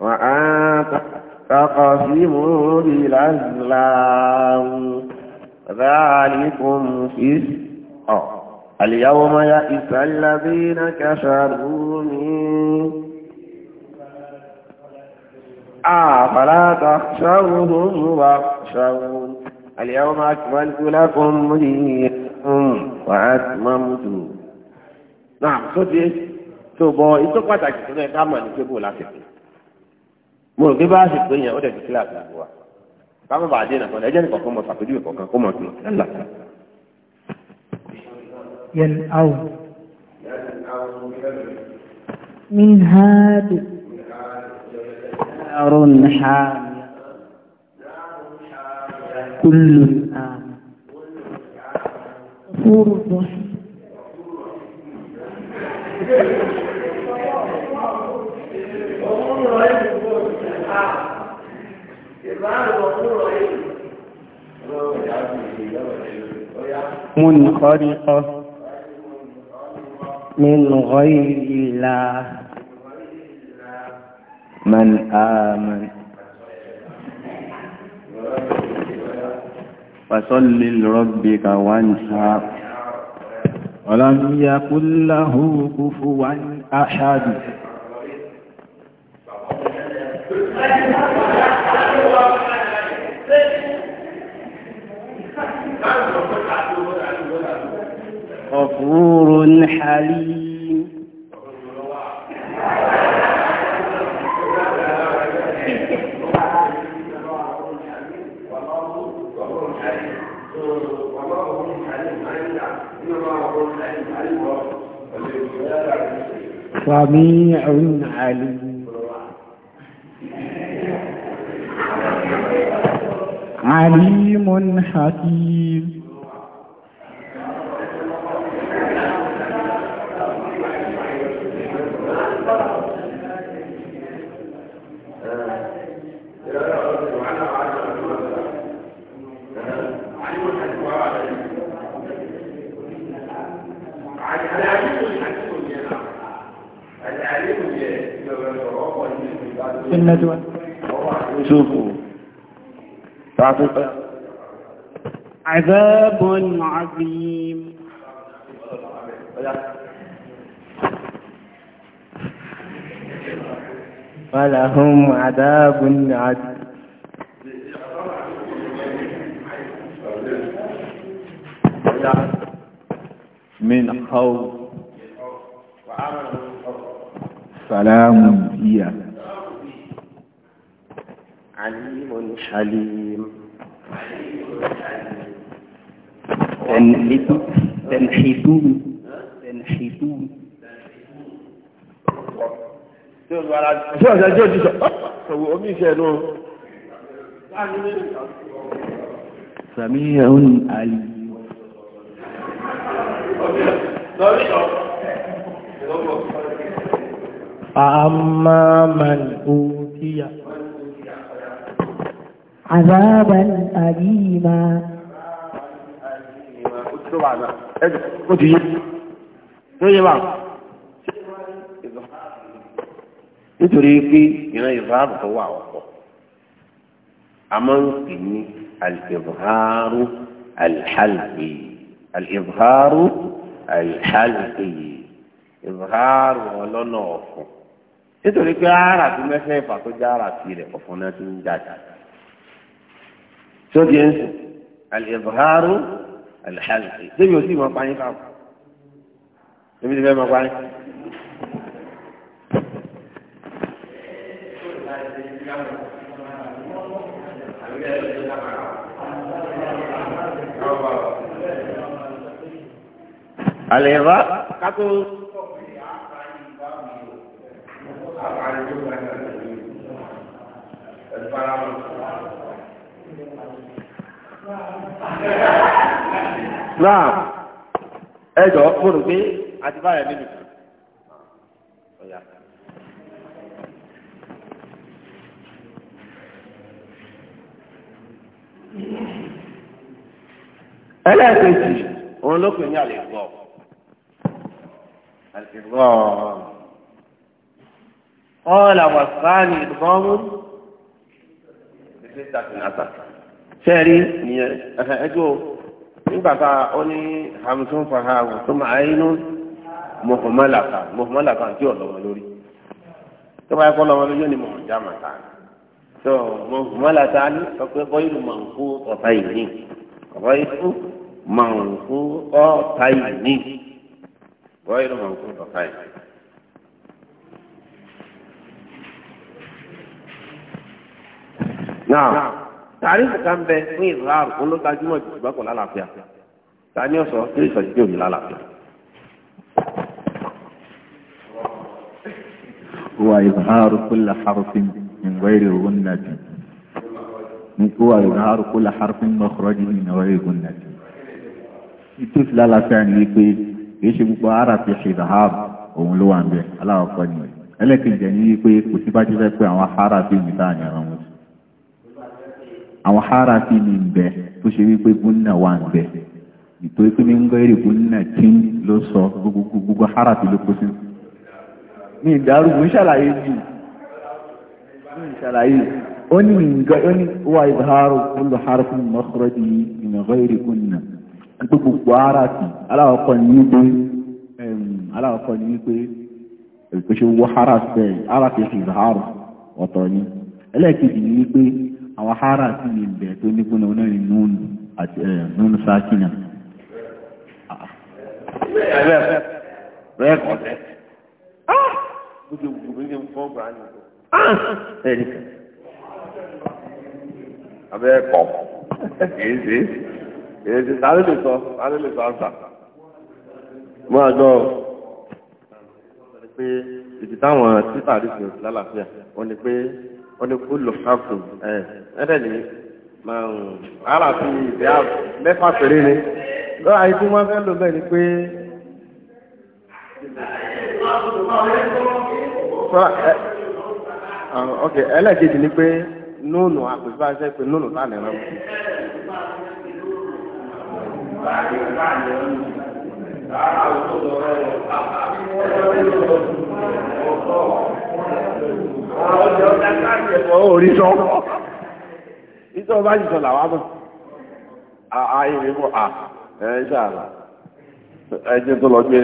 وأن تقطع فقسموا بالأزلام ذلكم فسق اليوم يئس الذين كفروا من أفلا تخشوهم واخشون اليوم أكملت لكم دينكم وأتممت نعم صدق tó bọ ìtọ́pàtàkì tó lẹ́ka mọ̀ ní kébù lásìkò mo rò pé bá a ṣe pé yẹn ó dẹ̀ fi kíláàsì gbogbo wa káwọn bá a dé nàkọ́ ẹjẹ́ nìkan kó mọ sàpèjúwe kọ̀ọ̀kan kó mọ tún lọ́la. yẹn awo. min haadu. arun haadu. كل آمن غفور رحيم Thank you. منخرقة من غير الله من آمن فصل لربك وانحر ولم يكن له كفوا أحد غفور حليم سميع عليم عليم حكيم الندوة شوفوا طيب. عذاب عظيم ولهم عذاب عظيم من خوف سلام هي عليم حليم تنحتون تنحتون تنحتون tí ọ̀sẹ̀ jẹ́ òjíṣọ́ ọ̀wọ̀ omi ìṣẹ́ ẹ̀nù sàmíyàn àlì àmàmà òkìyà عذابا اليما نتريكي يظهر هو وقو أمن إني الإظهار الحلقي الإظهار الحلقي إظهار ولنوفو نتريكي عارف مثل فاتو جارة في لقفونات جاتاتا sọ́dí ẹ̀ ń sìn àlìyàbọ̀hárù àlìhàlì débi òsì máa pààyàn káwọn débi ti fẹ́ máa pààyàn. àlìyàbọ̀ kátó. Thank náà ẹjọ́ mo rò pé àti báyọ̀ níbi kan. ẹlẹ́ẹ̀kejì òun ló pè ní àlèkọ́ àlèkọ́ ọ̀la wàsáàlì ìdùnnú ìdílé tàbí nàtàkì sẹ́ẹ̀rí ẹjọ́ nígbàtà ó ní hamsun fahamu tó máa inú mọ̀kànmọ́làkà mọ̀kànmọ́làkà tí ò lọ́wọ́ lórí tó bá kọ́ lọ́wọ́ lórí ó ní mọ̀kànjámàtà tó mọ̀kànmọ́làkà ní ọ̀pẹ́ bọ́ ìlú mọ̀nkú ọ̀tá ìní ọ̀pẹ́ ìlú mọ̀nkú ọ̀tá ìní bọ́ ìlú mọ̀nkú ọ̀tá ìní. náà tàrífù kan bẹ fún ìzrar olótajúmọ̀ jù ṣùgbọ́n kò lálàáfíà ta ni ọ̀sọ̀ kí ìsọ̀jú tí ò ní lálàáfíà. هو إظهار كل حرف من غير غنة هو إظهار كل حرف مخرجه من غير غنة ìtúsí lálàáfíà ni wípé kìí ṣe gbogbo ara fi ṣe ìdáhàbù òun ló wà ń bẹ aláwọ̀ kọ́ ni ẹlẹ́kìnjẹ́ ni wípé kò sí bá jẹ́ pé àwọn ara fi mìtáà ní àwọn ọmọ àwọn hara fi ní bẹ tó ṣe wípé gúnnà wà ń bẹ ìtò ìpín ní ń gọ́ èrè gúnnà tí ló sọ gbogbo hara fi ló kó sí ní ìdárúgbó ṣàlàyé jù ní ìṣàlàyé ó ní ìgbà ó ní wà ìbáhárò kúlù hara fún mọ́kúrọ́dì ìmọ̀gọ́ èrè gúnnà gbogbo hara fi aláwọ̀kọ́ ní wípé aláwọ̀kọ́ ní wípé ìpèsè owó hara fẹ́ hara fi ìbáhárò ọ̀tọ̀ ni ẹlẹ́ẹ̀kejì ní wípé àwọn hárà sí ní ibẹ̀ tó nígbónà náà ni núnú sákínà Abẹ́ẹ̀kọ̀ kìí sí, kìí sí, tàbí wọ́n ni pé wọ́n ní kó lò ní ara fi ìdí mẹ́fà péré ni lọ́wọ́ wọ́n fẹ́ lò ni pé. ok ẹlẹ́ẹ̀kejì ni pé nóònù àpèjúbáṣẹ́ pé nóònù tá nìyẹn lọ́wọ́. Thank you. ọjọ́ dákàtì ẹ̀fọ́ orí sọ ìtọ́ bá jùsọ làwọn mọ̀ ààyè mi mọ̀ à ẹ̀ ṣàlà ẹjẹ́ tó lọ gbé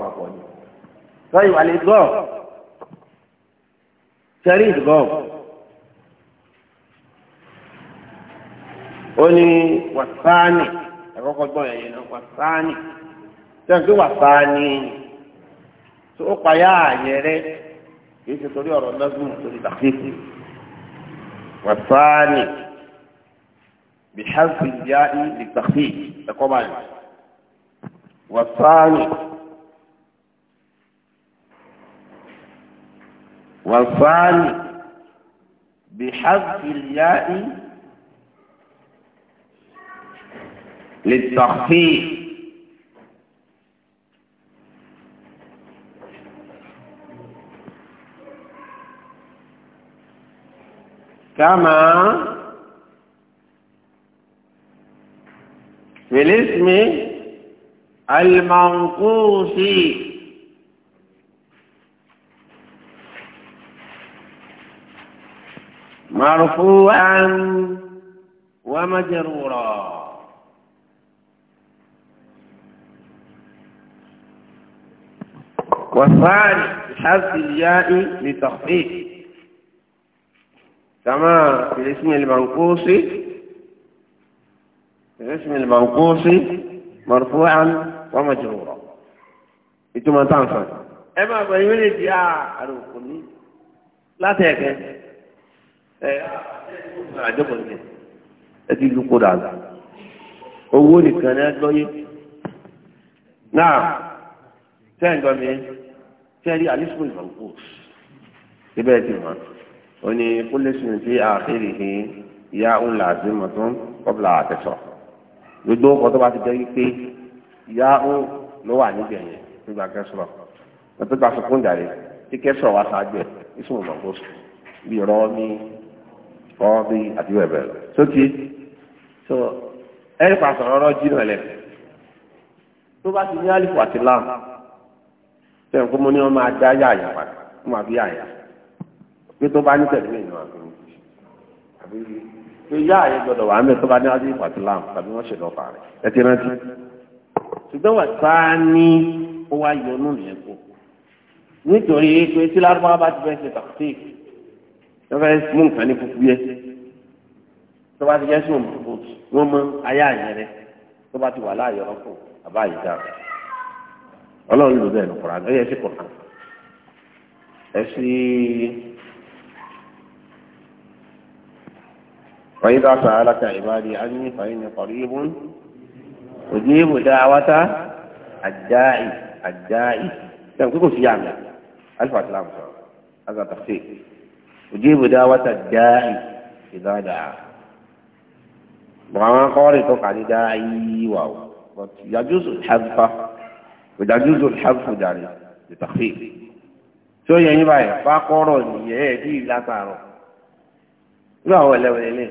ara طيب على الإدغام سريع إدغام قولي والثاني أقول بويا هنا والثاني تنكي والثاني سوق يا عجري كيف تقولي أرى النظم تقولي تخفيفي والثاني بحذف الياء للتخفيف تقوم والثاني والثاني بحذف الياء للتخفيف كما في الاسم المنقوص مرفوعا ومجرورا والثاني بحذف الياء لتخفيف كما في الاسم المنقوص في الاسم المنقوص مرفوعا ومجرورا انتم تنفع اما بيقول لي لا تكن ẹ àjọpọ̀ ní ẹ ti lu kódà la owó nìkan ní agbọ́yé náà sẹ́ńdọ̀ mi sẹ́rí àlísùn ìfọ̀nkù síbẹ̀ ti mọ̀ ó ní kúlẹ̀sùn sí àkèrè ní ìyá ńlá àti mọ̀tún kọ́bùlà àtẹ̀sọ̀ gbogbo ọkọ̀ tó bá ti jẹ́ wípé ìyá ń ló wà níbi ẹ̀yẹ nígbà kẹsàn-án lọ́tọ́ gba sọ̀kúndà tí kẹsàn wá ṣáájú ẹ̀ ìsùn ìfọ̀nkù bí rọ́ọ́ ní kọ́ọ́bí àti bẹ́ẹ̀ bẹ́ẹ̀ lọ sókè so ẹ̀rí pàṣẹ ọ̀rọ̀ jìnnà lẹ̀ tó bá ti ní àlìfò àti láàmù tẹ̀ ń kó mo ní wọn máa dá yàyà padà wọn máa fi yàyà pé tó bá ní tẹ̀lé mi náà àbí pé yàyà gbọdọ̀ wà mẹ́ tó bá ní àlìfò àti láàmù tàbí wọ́n ṣe lọ́ọ̀bà rẹ̀ ẹ ti rántí ṣùgbọ́n wà tá a ní ó wá yọnú nìyẹn kó nítorí pé tí lárúbáwá bá ti fẹ́ ṣe tàkùtì lọ́fẹ̀ẹ́ mú nǹkan ní kúkú yẹ tó bá ti jẹ́ sùn wọ́n mọ ayé àyẹ̀ rẹ tó bá ti wà láàyè ọkọ̀ àbá yìí dá ọlọ́run ló bẹ́ẹ̀ ní kọ̀ọ̀rọ̀ yẹ sí kọ̀ọ̀rọ̀ ẹ sí. وإذا سألك عبادي عني فإني قريب أجيب دعوة الداعي الداعي يعني كيف في عمل ألف أسلام هذا تخفيف ojú ìbùdó awátà dáì ìdáadáa bọ̀ àwọn akọ́rẹ́ tó kà ní dáì wà ó yàjúzù xafa yàjúzù xafu dàrí ìtàkì tí ó yẹ yín báyìí bá kọ́rọ̀ nìyẹn ẹ̀ bí látàrọ̀ irú àwọn ẹlẹ́wẹ̀lẹ́ lé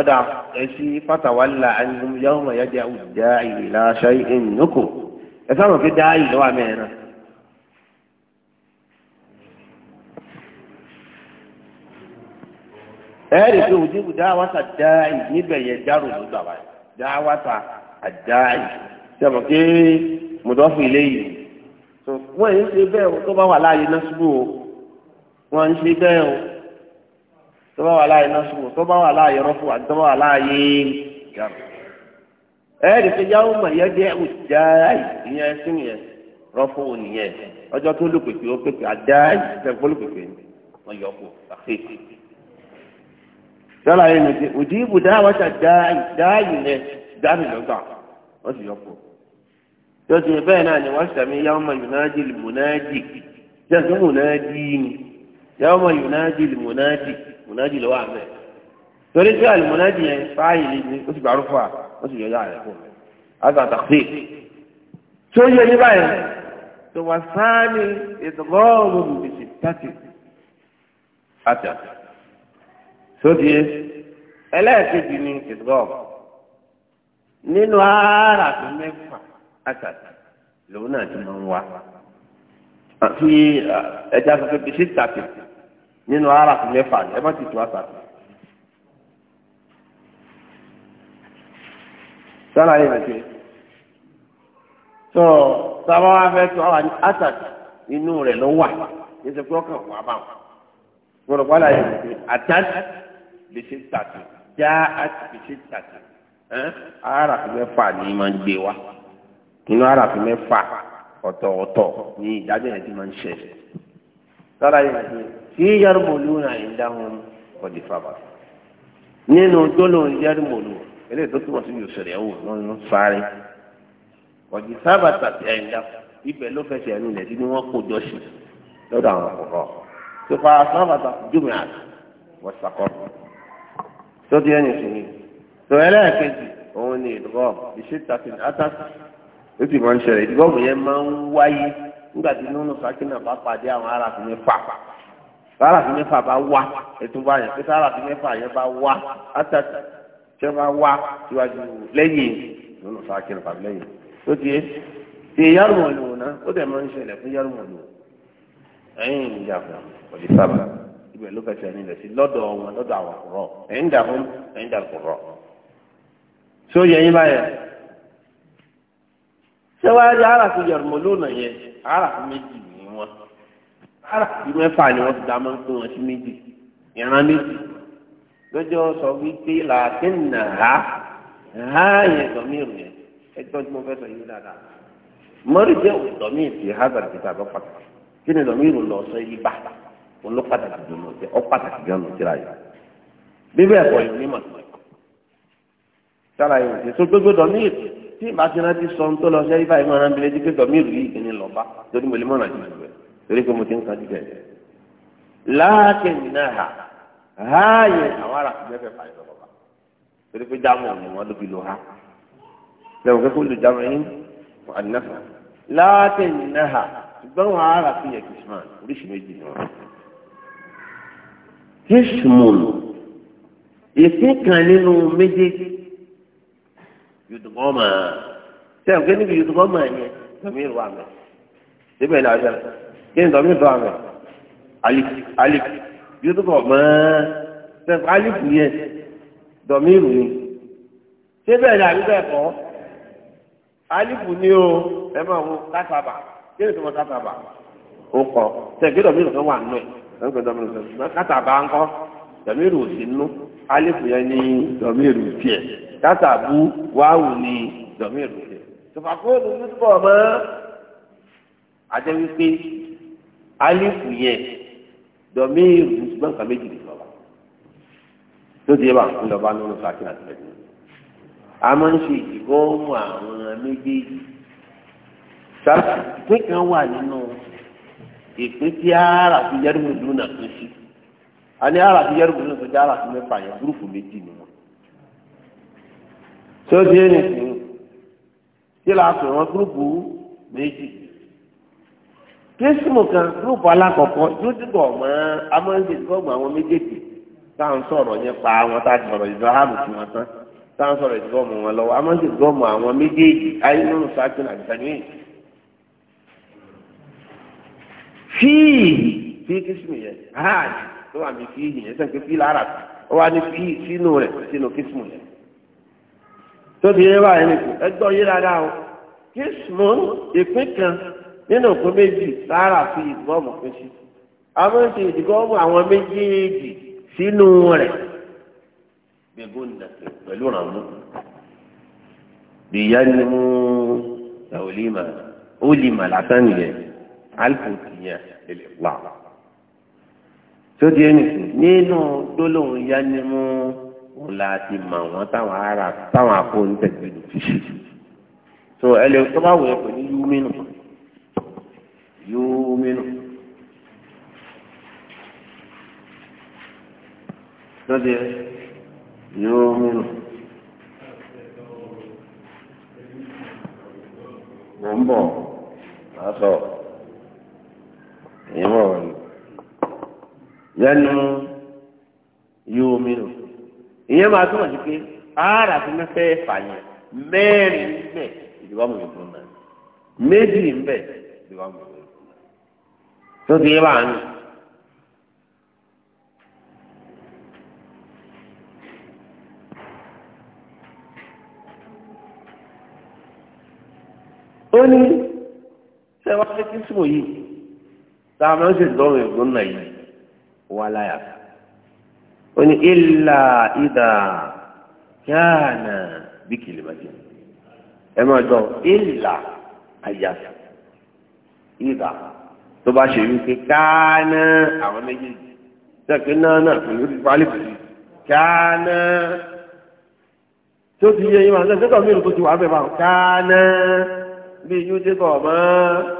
ọ̀dà ẹ̀sí fàtàwálà ẹnìyàwó yàjẹ́ àwùjá ìlà ṣáì ẹ̀yìn lóko ẹ̀sán òfin dáì lọ́wọ́ àmì ẹ̀ràn. ẹ̀rí pé òjìbù dáwàtà dáì níbẹ̀ yẹn dárò ló gbà wáyé dáwàtà àdáì sẹ́mu mùdọ́fù ilé yìí tó wọ́n yìí ń ṣe o tó bá wà láàyè o wọ́n ń ṣe bẹ́ẹ̀ o tó bá wà láàyè tó bá wà láàyè rọ́fù àti tó bá wà láàyè sọ́la yẹn nà ṣe òdì ìbò dáhàwá ṣà dáàyè rẹ̀ dáàmì lọ́gbà wọ́n sì yọkọ̀ yóò ti bẹ́ẹ̀ náà ni wọ́n sàmì yawma yunaji lìmùnájì jẹ́sùn mùnájì ni yawma yunaji lìmùnájì mùnájì lọ́wọ́ àmẹ́ torí tí àlìmùnájì yẹn fáyìlì ni ó sì gbàrú fún wa ó sì yọ yá fún mi àtàtà pé tó yẹ ní báyìí tó wà sáà ní ìdọ́gọ́rùn sódì ẹlẹ́ẹ̀kejì ni ìgbọ́n nínú ara tó mẹ́fà àtàtà lòun náà ti máa ń wá àti ẹja sọ pé bísí tàtì nínú ara tó mẹ́fà ẹ má ti tu àtàtà. sọ́nà yìí nìké tó sábà wá fẹ́ tó àwọn àtàtà inú rẹ̀ ló wà ní sọ pé ọkàn wà báwọn gbọdọ̀ pàdé àyè àtàtà bèsè tàtàn já àti bèsè tàtàn arafi mẹ́fà ni máa ń gbé wa nínú arafi mẹ́fà ọ̀tọ̀ọ̀tọ̀ ní ìdájọ́ yẹn ti máa ń ṣẹlẹ̀ sára yìí wájú tí na náà ń dáhùn ọ̀dì fàbà nínú gbólóhùn yàrùmọ̀lù eléyìí tó túmọ̀ sí yòsùn rẹ̀ wò lọ́nà sáré ọ̀dì sábà tàbí ẹ̀yìn dáhùn ibẹ̀ ló fẹsẹ̀ ẹ̀nu ilẹ̀ tí ni wọ́n kó jọ sí lọ́dọ̀ àwọn ọ̀rọ̀ tó fa sábà tàbí jùmọ̀ àti wọ́n sàkọ́rọ̀ tó ẹni sùn ní tó ẹlẹ́ẹ̀kejì òun ni ìdúgbò ìṣètàkì àtàkì ó sì máa ń ṣẹlẹ̀ ìdúgbò yẹn máa ń wáyé nígbà tí nínú sákínà bá pàdé àwọn aráàfin mẹ́fà aráàfin mẹ́fà bá wá ẹ̀tún bá yẹn pé aráàfin mẹ́fà yẹn bá wá àtàkì tí wọ́n bá wá síwájú lẹ́yìn nínú sákínà bàbá lẹ́yìn tó ti ẹ ti yàrùmọ̀lù náà ó dẹ̀ máa ń ṣẹlẹ̀ fún yàrùmọ̀lù ẹ̀yìn ìjàpọ̀ ọ̀dì sábà gbogbo ẹ̀ ló fẹsẹ̀ nílẹ̀ sí lọ́dọ̀ wọn lọ́dọ̀ àwọn kùrọ̀ ẹ̀yìn dà fún ẹ̀yìn dà kùrọ̀. ṣó yẹ yín báyẹn ṣé wàá rí aráàfin yọrùmọ lónà yẹn aráàfin méjì ni wọn aráàfin mẹ́fà ni wọ́n ti dá máa ń pín wọn sí méjì ìran méjì lọ́jọ́ sọ wípé làákínà ha ha yẹn dọ̀míìrù yẹn ẹgbẹ́ tí mo fẹ́ sọ yìí dáadáa mọ́rìndínlẹ́wò dọ̀míìrù ti hazard ti tàbí pàtàkì kí ni dọ̀míìrù lọ sọ yìí bàtà òun ló pàtàkì jù lọ ọ pàtàkì gan lọ síra yìí bíbẹ̀ ẹ̀kọ́ yìí mímọ̀ sára yìí ti so gbogbo dọ̀ ní ètò tí ìbá ti rántí sọ ń tó lọ sẹ́yìn báyìí máa ń bilẹ̀ dípẹ́ dọ̀ mí rí ìkíni lọ bá torí mo lè mọ̀nà jù lọ torí pé mo ti ń kan jíjẹ láàkè náà háàyè àwọn ará ti mẹ́fẹ̀ẹ́ fà ìdọ̀bọ̀ bá torí pé jámù ni wọ́n ló fi lò ha lẹ́wọ̀n kẹ́kọ̀ọ́ lò jámù yín àdínáfà láàkè náà ṣùgbọ́n wọn ará ti yẹ kìsìmán oríṣi méjì ni wọn jismun ìpín kan nínú méjèèjì yudugọ́mà sẹ́wọ̀n kí níbi yudugọ́mà yẹn tọ́mí ìlú àmì síbẹ̀ ní ọjọ́ kí ni tọ́mí ìlú àmì alif alif yudugọ́mà sẹ́wọ̀n alif yẹn tọ́mí ìlú ni síbẹ̀ ní àbí bẹ́ẹ̀ kọ́ alif ni o ẹ máa wo kátàbà kí ni tọ́mọ kátàbà ó kọ́ sẹ́wọ̀n kí tọ́mí ìlú kan wà nù ẹnìkan dọ́mìnì sọ ṣùgbọ́n kátàbá ń kọ́ dọ́mìnì ò sí nú alifu yẹn ní dọ́mìnì ò tiẹ̀ kátàbú wáwù ní dọ́mìnì ò tiẹ̀. tòfàkóòdù ní pọ̀ mọ́ àjẹ́ wípé alifu yẹn dọ́mìnì ò ṣùgbọ́n kà méjì nìkan wà. tó ti yẹ bá ń lọ́ba nínú sàkín àti ìdìbò mú àwọn méjèèjì sáà pé kan wà nínú ìpín tí ara ti yẹrùmù dùn náà tó sí a ní ara ti yẹrùmù dùn náà tó jẹ́ ara ti mẹ́fà yẹn gúrùpù méjì ni wọn. tí ó di ẹni sí tí la pè wọn gúrùpù méjì kírísìmù kan gúrùpù alákọ̀ọ́kọ́ yóò dìbò ọmọ amáyédè gbọ́gbọ́n àwọn méjèèjì táwọn sọ̀rọ̀ yẹn pa àwọn tá a sọ̀rọ̀ ìjọ hàmù sí wọn tán táwọn sọ̀rọ̀ ìjọ ọmọ wọn lọ́wọ́ amáyédè gbọ́gbọ́n àwọn méjèèjì fíì fíì kìsìmù yẹn hajj tó wà ní fíì yẹn sẹ́ni pé fíì lára ó wà ní fíì sínú rẹ̀ sínú kìsìmù yẹn tó ti yẹ báyìí nìkan ẹgbẹ́ ọ̀yẹ́ dáadáa o kìsìmù ìpín kan nínú òkú méjì lára fi ìgbọ́mù pín sí àwọn ti ìdìgbọ́mù àwọn méjèèjì sínú rẹ̀ gbẹ̀gbọ́n nàkẹ́ pẹ̀lú ràmú bìyànjú ọ̀lìmà ọ̀lìmà làtàn nìyẹn alifokìyà lè pa sóde ẹnìkan nínú gbólóhùn yánimú òun la ti mọ àwọn táwọn ará táwọn afọwọn tẹgbẹ lò so ẹ lè tó bá wù ẹ pẹ̀lú yúú mínú yúú mínú. lọ́dẹ yóò mìíràn. Mo ń bọ̀, sọ ìmọ̀ ọ̀nì yẹnu yóò mìíràn ìyẹn máa túmọ̀ sí pé ara fi mẹ́fẹ́ fàyàn mẹ́rin níbẹ̀ ìdìbò àmọ̀ ìbò náà méjì níbẹ̀ ìdìbò àmọ̀ ìbò náà tó ti yẹ báà nù. ó ní sẹ́wọ́n ṣe kí sùn yìí táwọn máa ń ṣe ìdánwò ìgbón náà yìí wọn aláyà ó ní ìlà ìdà kíáànà bí kìlìmọ̀tì ẹ máa gbọ́ ìlà àyàfà ìdà tó bá ṣe wípé káànà àwọn méjèèjì sẹ́kẹ̀ náà náà pẹ̀lú ìpalẹ̀ pẹ̀lú káànà tó ti yẹ yín máa ń lọ sí ọ̀dọ̀ mi ò tó ti wà á bẹ̀ bá káànà bí yóò dé bọ̀ mọ́.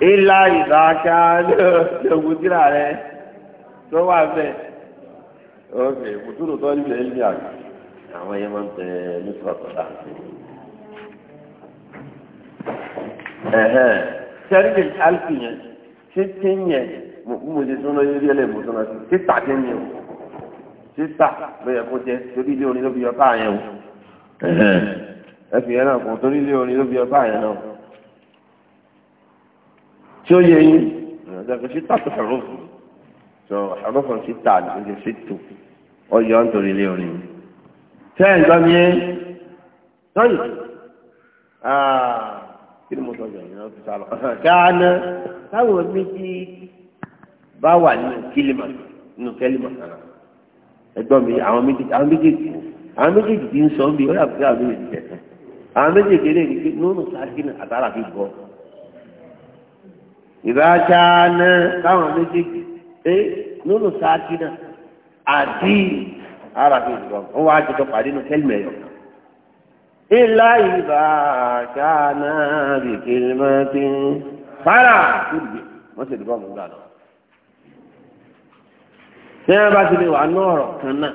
ilá ìdáká lóògùn tíra rẹ tó wà bẹ́ẹ̀. ok bùtúrù tó ń bẹ̀rẹ̀ ní àgbà àwọn yẹn máa ń tẹ nípa tọ́lá. sẹ́ríkì alfi yẹn títí yẹn mo ti tún lọ yé rí ẹlẹ́mú tó náà sí títà tí ń yẹn o títà ló yẹ kó jẹ torí ilé orin ló fi yọ báyẹn o ẹ fi yẹn náà kún torí ilé orin ló fi yọ báyẹn náà tí ó yẹ yín ọ̀dọ̀ sí tàtó àrùfù sọ àrùfù sí tà ní sí tù ọyọ nítorí ilé orin tẹ́ ẹ̀ ń gbọ́ mi yé sọ́yì ah, kí ni mo sọ yẹn náà ti sálọ (laughs) káàná táwọn méjì bá wà nínú kílímà nínú kẹ́límà ẹgbọ́n mi àwọn méjì àwọn méjì àwọn méjèèjì ti ń sọ bí ó yà fún àwọn méjèèjì tẹ̀sán àwọn méjèèjì lè rí nínú sáà kí ni àtàrà fi bọ́ ìbáṣáná káwọn méjèèjì pé lónà sáájú náà àti arábí ìjọba wọn wá jọjọ pàdé nù kẹlìmẹ yọ. ilá ìbáṣáná bìkìlì máa ti ń fara kúrò wọn sì dùbọ̀ mú gbà lọ. tí wọn bá ti lè wà ní ọ̀rọ̀ kan náà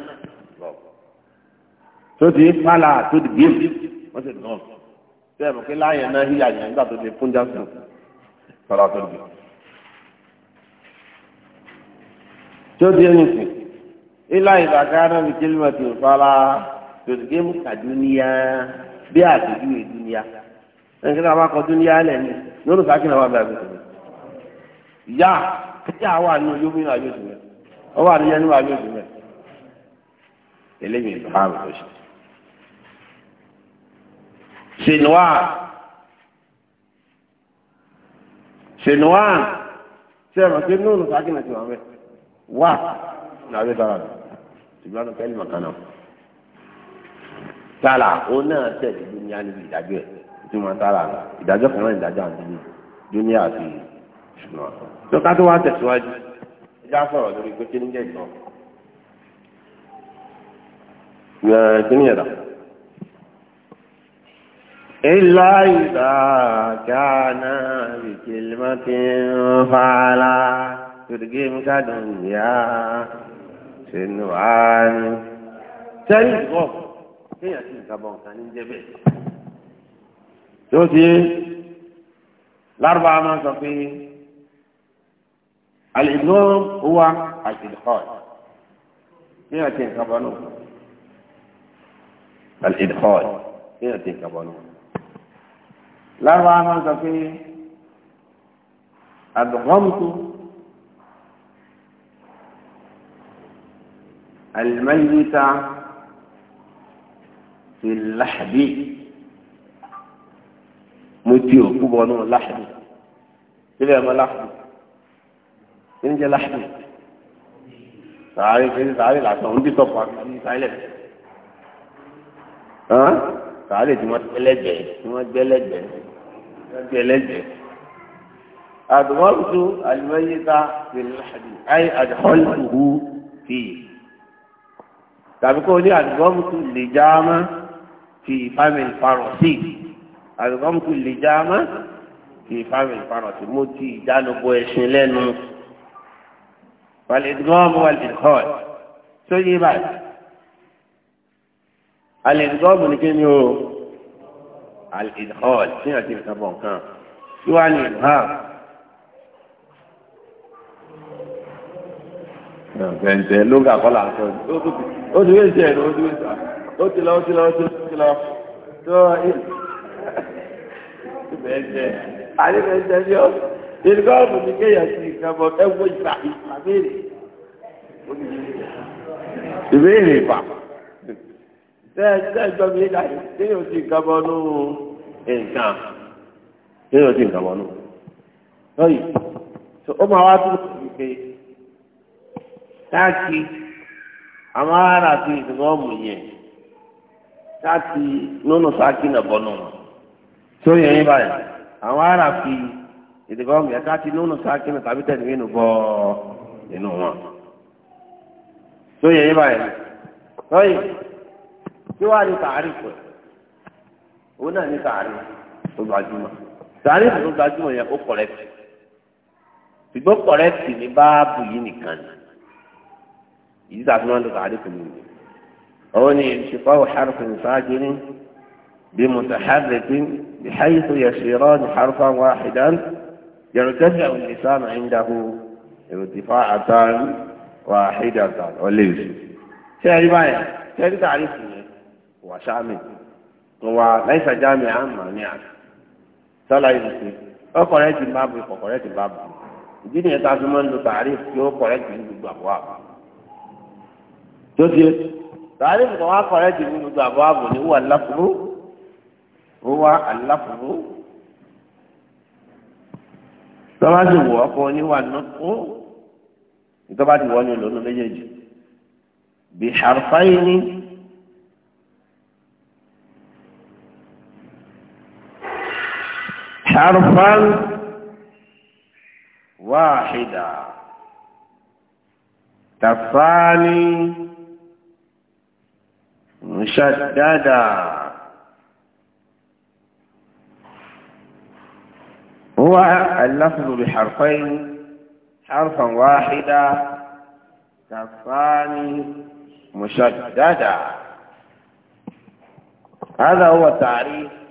tó ti fàlà tó ti bí wọn sì dùbọ̀ mú. bẹ́ẹ̀ kí láyé náà híyà yẹn nígbà tó ti fúnjà sùn. tọ́lá tó dùn. tó di ẹnìkan ilá ìdàgánà mi kí ló ti fara tòsíkè mú kàdúníyà bí àtòjú ìdúníyà ẹnìkan náà bá kọ dúníyà lẹ́nu lórí sákìnà wà bẹ́ẹ̀ bẹ́ẹ̀ yá kíkẹ́ àwọn àánú mi ṣènúwàn ṣe é màkì nínú ọ̀nà sákìnà ti wà mẹ́ wà nàbẹ́ sára rẹ̀ ṣùgbọ́n àwọn kẹ́lí màkà náà tààlà ó náà tẹ̀lé dúnìá níbi ìdájọ́ ẹ̀ tí wọ́n tààlà rẹ̀ ìdájọ́ kan náà ìdájọ́ àti dúnìá àti ṣùgbọ́n tó ká tó wá tẹ̀síwájú ẹjá sọ̀rọ̀ lórí pé kí ní jẹ́ ìgbọ́n. 呃，今年的。إلا إذا كان بكلمة فعلا ترجمك دنيا سنوان سيد غفر kéèyàn sì ń sábà ọ̀sán ní jẹ́bẹ̀. tó ti lárúbá máa sọ pé àlejò wa àṣìlẹ̀kọ́ kéèyàn sì ń sábà nù àṣìlẹ̀kọ́ kéèyàn sì ń sábà nù lárúbáwá máa ń sọ pé àdùnkọ́mùtò àlùmẹ́yìíta ti láàbí mo di òkú bọ́nú láàbí síbẹ̀ mọ́ láàbí kí ni jẹ́ láàbí sàárè kí ni sàárè làtọ̀ ń dìtọ̀ pàtó sí sáílẹ̀ sàárè tí wọ́n tẹ́lẹ̀ tí wọ́n gbẹ́lẹ̀ lọ́jọ́ ẹlẹ́jẹ̀. àdùmọ́tò àlùmọ́yíká fìlàdì ayé àdùmọ́tò fi tàbí kó ní àdùmọ́tò lè já mọ́ fi fámìlì fárọ̀sì àdùmọ́tò lè já mọ́ fi fámìlì fárọ̀sì mo ti ìdánubọ ẹ̀sìn lẹ́nu wàlẹ̀dùmọ́mù al-idkhal tí wọ́n ti nǹkan bọ̀ nǹkan tí wọ́n á ní ìbáà. bẹ̀ǹtẹ̀ ló gà kọ́ là ń sọ yìí ó ti wé jẹ́ ẹ̀rọ ó ti wé sà ó ti lọ ó ti lọ ó ti lọ ó ti lọ tó bẹ̀ǹtẹ̀ àdébẹ̀ǹtẹ̀ ni ó ìdíkọ́ọ̀bù ni kéèyàn ti nǹkan ẹ̀wọ̀ ìgbà ìgbà béèrè ìbéèrè ìbàmà tẹ́ẹ̀jọ́ mi láyé téèyàn ti nǹkan bọnú nǹkan téèyàn ti nǹkan bọnú. lọ́yìn ó máa wá dúró sí pé táàkì àwọn ará àti ìdùnnú yẹn táàkì nínú sáàkì náà bọnú wọn. tí ó yẹ yín báyìí àwọn ará fi ìdìbò ọmọ yẹn káàkiri nínú sáàkì náà tàbí tẹ̀lé nínú bọ́ inú wọn. tí ó yẹ yín báyìí tí wàá ní tààrífù ẹ̀ òun náà ní tààrífù tó gbajúmọ̀ tààrífù tó gbajúmọ̀ yẹn ó kọ̀rẹ́tì ṣùgbọ́n kọ̀rẹ́tì ní báàbù yìí nìkan ni ìdí tààfin wọn ló tààrífù mi ni òun ni ìṣèpáwò xarfin ṣáájú ní bí mùtàḥárẹ̀tìn bí xayìtò yẹ̀ṣirọ́ ní xarfà wáxidan yẹ̀rùtẹ́fẹ̀ òǹdísàn ìndahu ìrùtìfà àtàn wáxidan ọ̀lẹ́yìn ṣe é rí báyà ṣe é rí tààrífù yẹn. وشامل هو ليس جامعا مانعا صلى يسكي او قرأت الباب وقرأت الباب ìdíni ẹ̀ta fi máa ń lo tààríf tí ó kọ̀rẹ́tì ní gbogbo àbọ̀ àbọ̀ tó ti tààríf tó wá kọ̀rẹ́tì ní gbogbo àbọ̀ àbọ̀ ni wà láfúrú ó wá àláfúrú tọ́ba ti wọ̀ ọkọ̀ oníwà nọ́kú ìtọ́ba ti wọ̀ ní olóńgbò méjèèjì bí harfaini. حرفا واحدا تفاني مشددا هو اللفظ بحرفين حرفا واحدا تفاني مشددا هذا هو تعريف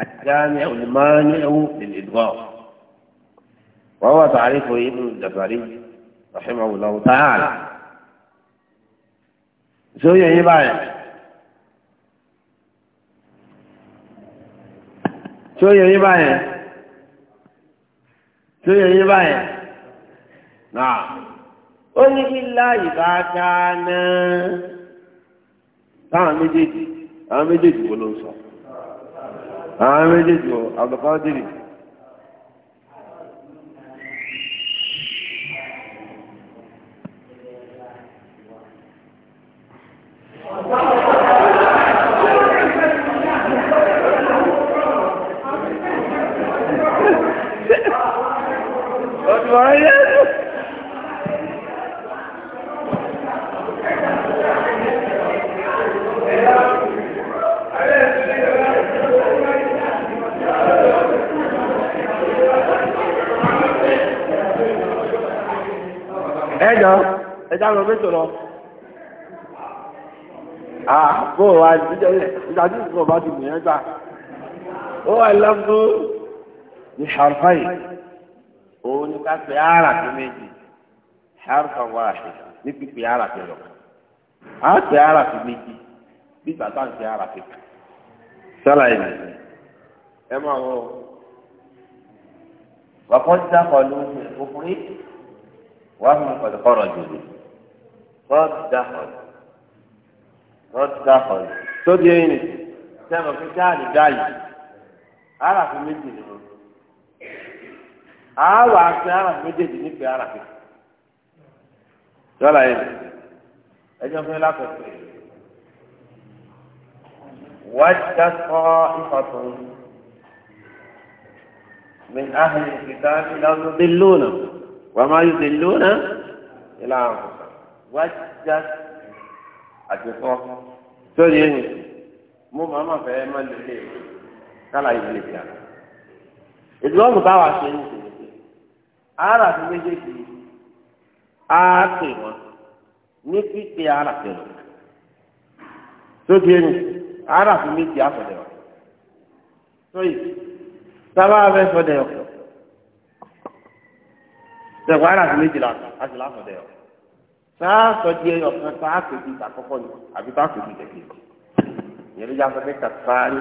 الجامع المانع للإدغام وهو تعريف ابن الجزري رحمه الله تعالى سوية يبايع سوية يبايع سوية يبايع نعم قل إلا إذا كان تعمل جدي تعمل جدي ولو صح àwọn méjèèjì abdulkadir náà wà ìdájú ìsọ̀rọ̀ bá ti gbìyàn gbà ó wà lọ́gbọ́ ní ṣàrfáì òun ní ká pè ára tó méjì ṣàrfà wà ṣe ní pípé ára tó lọ á pè ára tó méjì bí bàtà ń pè ára tó dákọ̀ lóhùn wọ́n ti dá kọ́ yìí tó di eyín nìyí sẹ́wọ̀n fi jáàlì jáàlì aráàfin méjì ni mo àwọ̀ àti aráàfin méjèèjì nífẹ̀ẹ́ aráàfin yọ̀ọ́la yẹn ẹjọ́ fún yín lápẹ̀tẹ̀ wọ́n ti dá kọ́ ìfọ̀tún. من أهل الكتاب لا يضلون وما يضلون إلا أنفسهم وجدت àti fọ́ sórí ẹ̀yìn mo máa ma fẹ́ má lè lè kálá ìlú ìgbà ìdúrọ́mù táwa ṣe ń ṣe ara fi méjèèjì á pè wọn ní pípé ara pè wọn sórí ẹ̀yìn ara fi méjì á sọ̀dẹ̀ wọn sórí sábà fẹ́ sọ̀dẹ̀ wọn tẹ̀wọ́ ara fi méjì láti láti wọn sáà sọ di ẹyọ kan sáà sì di ìtàkọ́kọ́ ni àbí sáà sì di ìtẹ̀kẹ́ ìyẹn ló yà sọ pé kàfáárì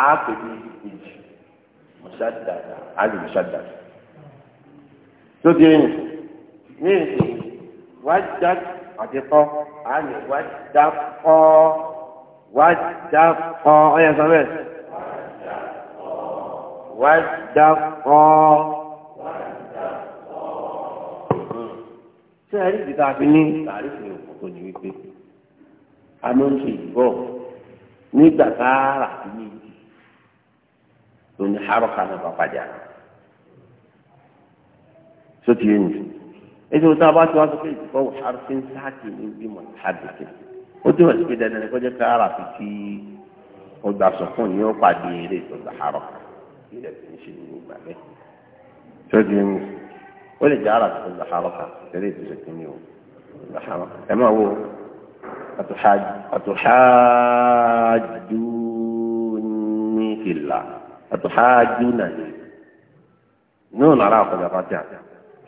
àá pè ní ìjì mọ̀ṣáàdàdà àlè mọ̀ṣáàdàdà tó di ẹyìn ní èdè wájà àdìkọ́ àlè wájà kọ́ wájà kọ́ ọ̀yà sọ bẹ́ẹ̀ wájà kọ́. tí a rí ìdíkà fi ní tàrífù òkùnkùn ní wípé a ló ń ṣe ìbọ̀ nígbà tààrà méjì ló ní hárọ̀ká náà bá padà sóti yẹn nìyí ètò tá a bá ti wá sọ pé ìdíkọ̀ wò hárọ̀kí ń sáàkì ní bí mọ̀ hádìkì ó tí wọ́n ti pé dandan ní kọjá tààrà fi kí ọgbà sọ̀kún ní ó pàdé eré ìtọ́jú hárọ̀ká ìrẹsì ń ṣe ní ìgbà bẹ́ẹ̀ sóti yẹn nìyí ó lè jẹ́ ara tuntun làhárọ́kà eré ìtúsọ kìíní o làhárọ́kà ẹ máa wo àtúnṣáájú ní fìlà àtúnṣáájú nàní náà lára àkọjá pàtí àti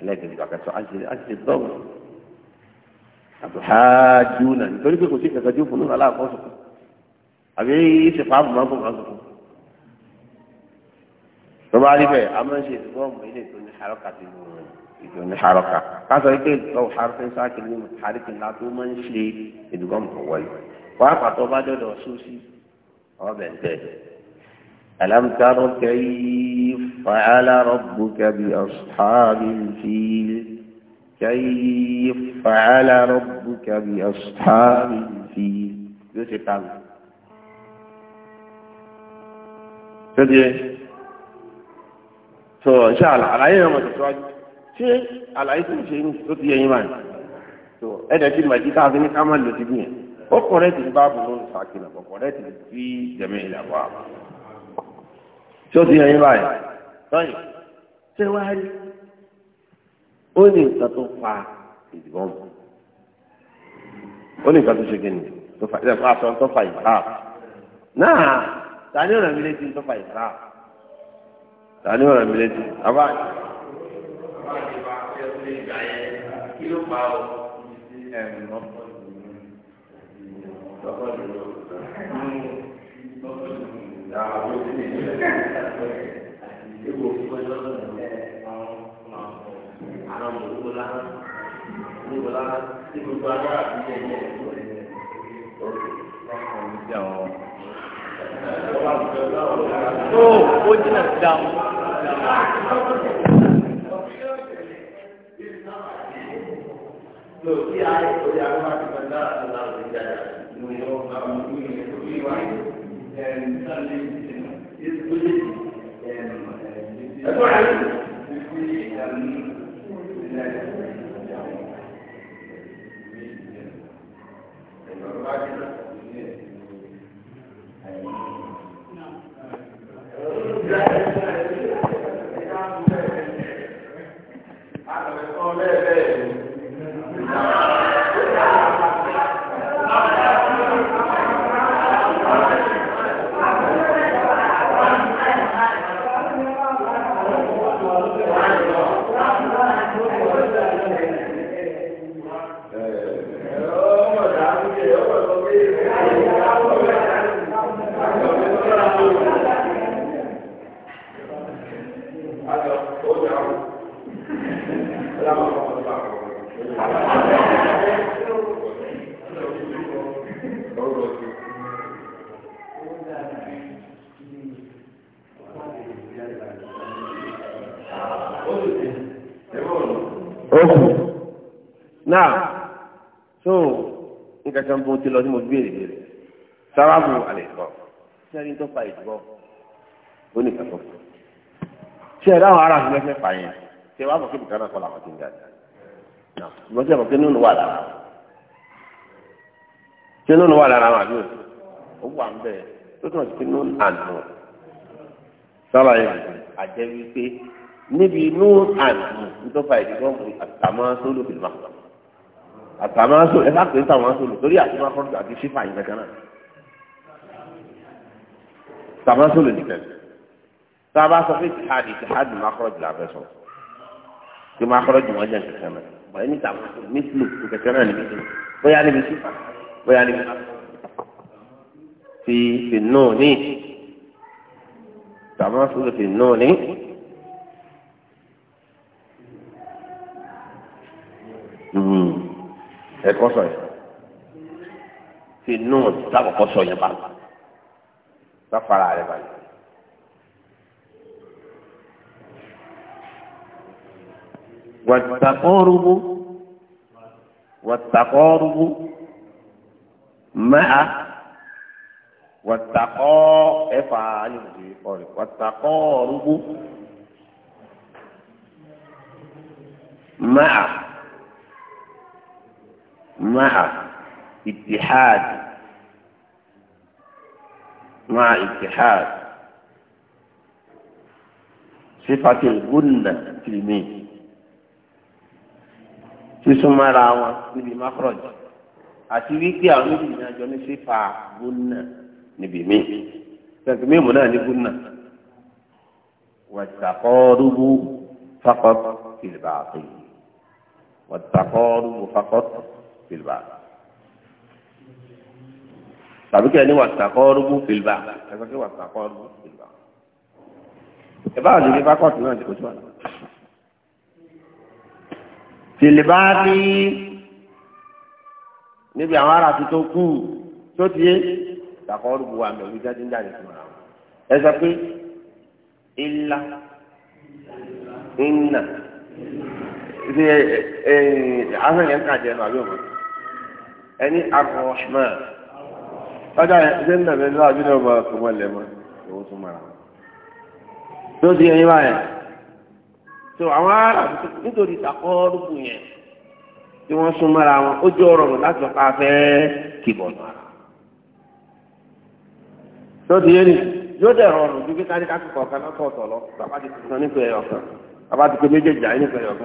ẹlẹ́gbẹ̀ẹ́ ìgbà kẹsàn án ṣe án ṣe dọ́gba àtúnṣáájú nàní torí pé kò sí kẹsàn-án tí ó fún un lára àkọsùn àbí ìṣèpá àbùmọ́ tó bá rí bẹ́ẹ̀ a máa ń ṣe ìdúgbòmù ilé tó ní haraka ti lù wọn ìjọ ní haraka káṣọ ike ìtọ́ haraka sáàkì ní haraka ńlá tó máa ń ṣe ìdúgbòmù tó wọlé wàá pàtó bá dọ̀dọ̀ sósì ọbẹ̀ ń tẹ̀. fàálà تر kẹ́bi فعل ربك kẹ́yì fàálà كيف kẹ́bi ربك بأصحاب yóò ṣe قال so ṣe àlàyé yẹn wọn ti tọ́jú ṣé àlàyé tó ń ṣe ní tó ti yẹ yín báyìí so ẹ̀dẹ̀ ti mọ̀ ẹ̀dí káfí ní ká má lò sí bíyẹn ó kọ̀rẹ́ ti bá bùnú sàkínà kọ̀ kọ̀rẹ́ ti fi jẹ̀mẹ́ ìyàwó àbá tó ti yẹ yín báyìí lọ́yìn ṣé wàá rí ó ní nǹkan tó fa ìdìbọn bọ̀ ó ní nǹkan tó ṣe kí tó fa ìdìbọn tó náà tani ọ̀nà mi lè ti tó fa ìbára tani ọ̀rọ̀ mi létí abá. Thank you. Oh, goodness, down. to sai a yi kuri a kuma kamar da a da su jaya no yo a mutum ne to yi wa and suddenly is good and that's what I mean Thank you. Thank you. náà so nǹkan kan bó ti lọ sí mo béèrè béèrè sábàbù àlè ìbọn sẹ́ni tó fa o ó ní ìkàtọ́ fún un ṣe ẹ̀rọ àwọn ará àti mẹ́fẹ́ fà yẹn ṣe wàá fọ́kí bùkátà kọ́ làwọn ti ń jáde ìbọn ṣe fọ́kí nínú wà lára ṣe nínú wà lára àwọn àdúrà ó wà ń bẹ̀ tó tún ọ̀sẹ̀ nínú àná sábà yẹn àjẹ́ wípé níbi nínú àná nítorí fà ìdígbọ́n àtàmọ́ sólùfìlì máa ń bọ̀ àtàmásò ẹ bá pè é tàmásò lò torí àti máa fọ́nù àti sífà yìí kankan náà tàmásò lò nìkan tá a bá sọ pé tìhádì tìhádì máa kọ́rọ̀ jù lábẹ́ sọ tí máa kọ́rọ̀ jù wọ́n jẹ́ kankan náà bọ̀ ẹni tàmásò mísìlò kankan náà níbi bóyá níbi sífà bóyá níbi fi fi nù ní tàmásò lò fi nù ní. ẹ̀kọ́ sọ yẹn fi nùn lákòókò sọ yẹn bá láfara rẹ balẹ̀. wàtàkọ́rùbù wàtàkọ́rùbù mẹ́à wàtàkọ́ ẹ̀fà ayélujára ìkọlẹ̀ wàtàkọ́rùbù mẹ́à. مع اتحاد مع اتحاد صفة الجنة في الميت في سمع راوة في مخرج أتويك يا أمي صفة جنة نبي ميت لكن مي منا نبي والتقارب فقط في الباطل والتقارب فقط Filba. tàbí kí ẹni wà filba. fìlbà ẹgbẹ́ kí wà sàkọ́ọ́rùbù fìlbà ẹ bá àdúgbò bá kọ́ọ̀tù náà ti kò tó àná. fìlbà ní níbi àwọn ará tuntun kù tó ti yé sàkọ́ọ́rùbù wa mẹ́wìí jáde ń jáde fún ara wọn ẹ sọ pé ilá ìnà ṣe ẹ ẹ asọ̀yẹ̀ ń kàjẹ́ lọ àbí òkú ẹni arọ̀ṣmán ọjà ẹgbẹ́ ń dàbẹ̀ lọ́wọ́ àbí lọ́wọ́ bá kò wọlé mọ́ owó tó mara wọn. tó di ẹyin báyẹn tó àwọn ará nítorí ìtàkọ́rùkù yẹn tí wọ́n sún mọ́ra wọn ó jẹ́ ọ̀rọ̀ láti ọ̀pá afẹ́ kìbọ̀nù ara. tó di ẹni yóò dẹ̀ rọrùn ju kíkárí kákìkọ̀ kan lọ́tọ̀ọ̀tọ̀ lọ bàbá ti tuntun nípa ẹ̀yọ̀ kan bàbá ti pé méjèèjì àyè nípa ẹ̀yọ̀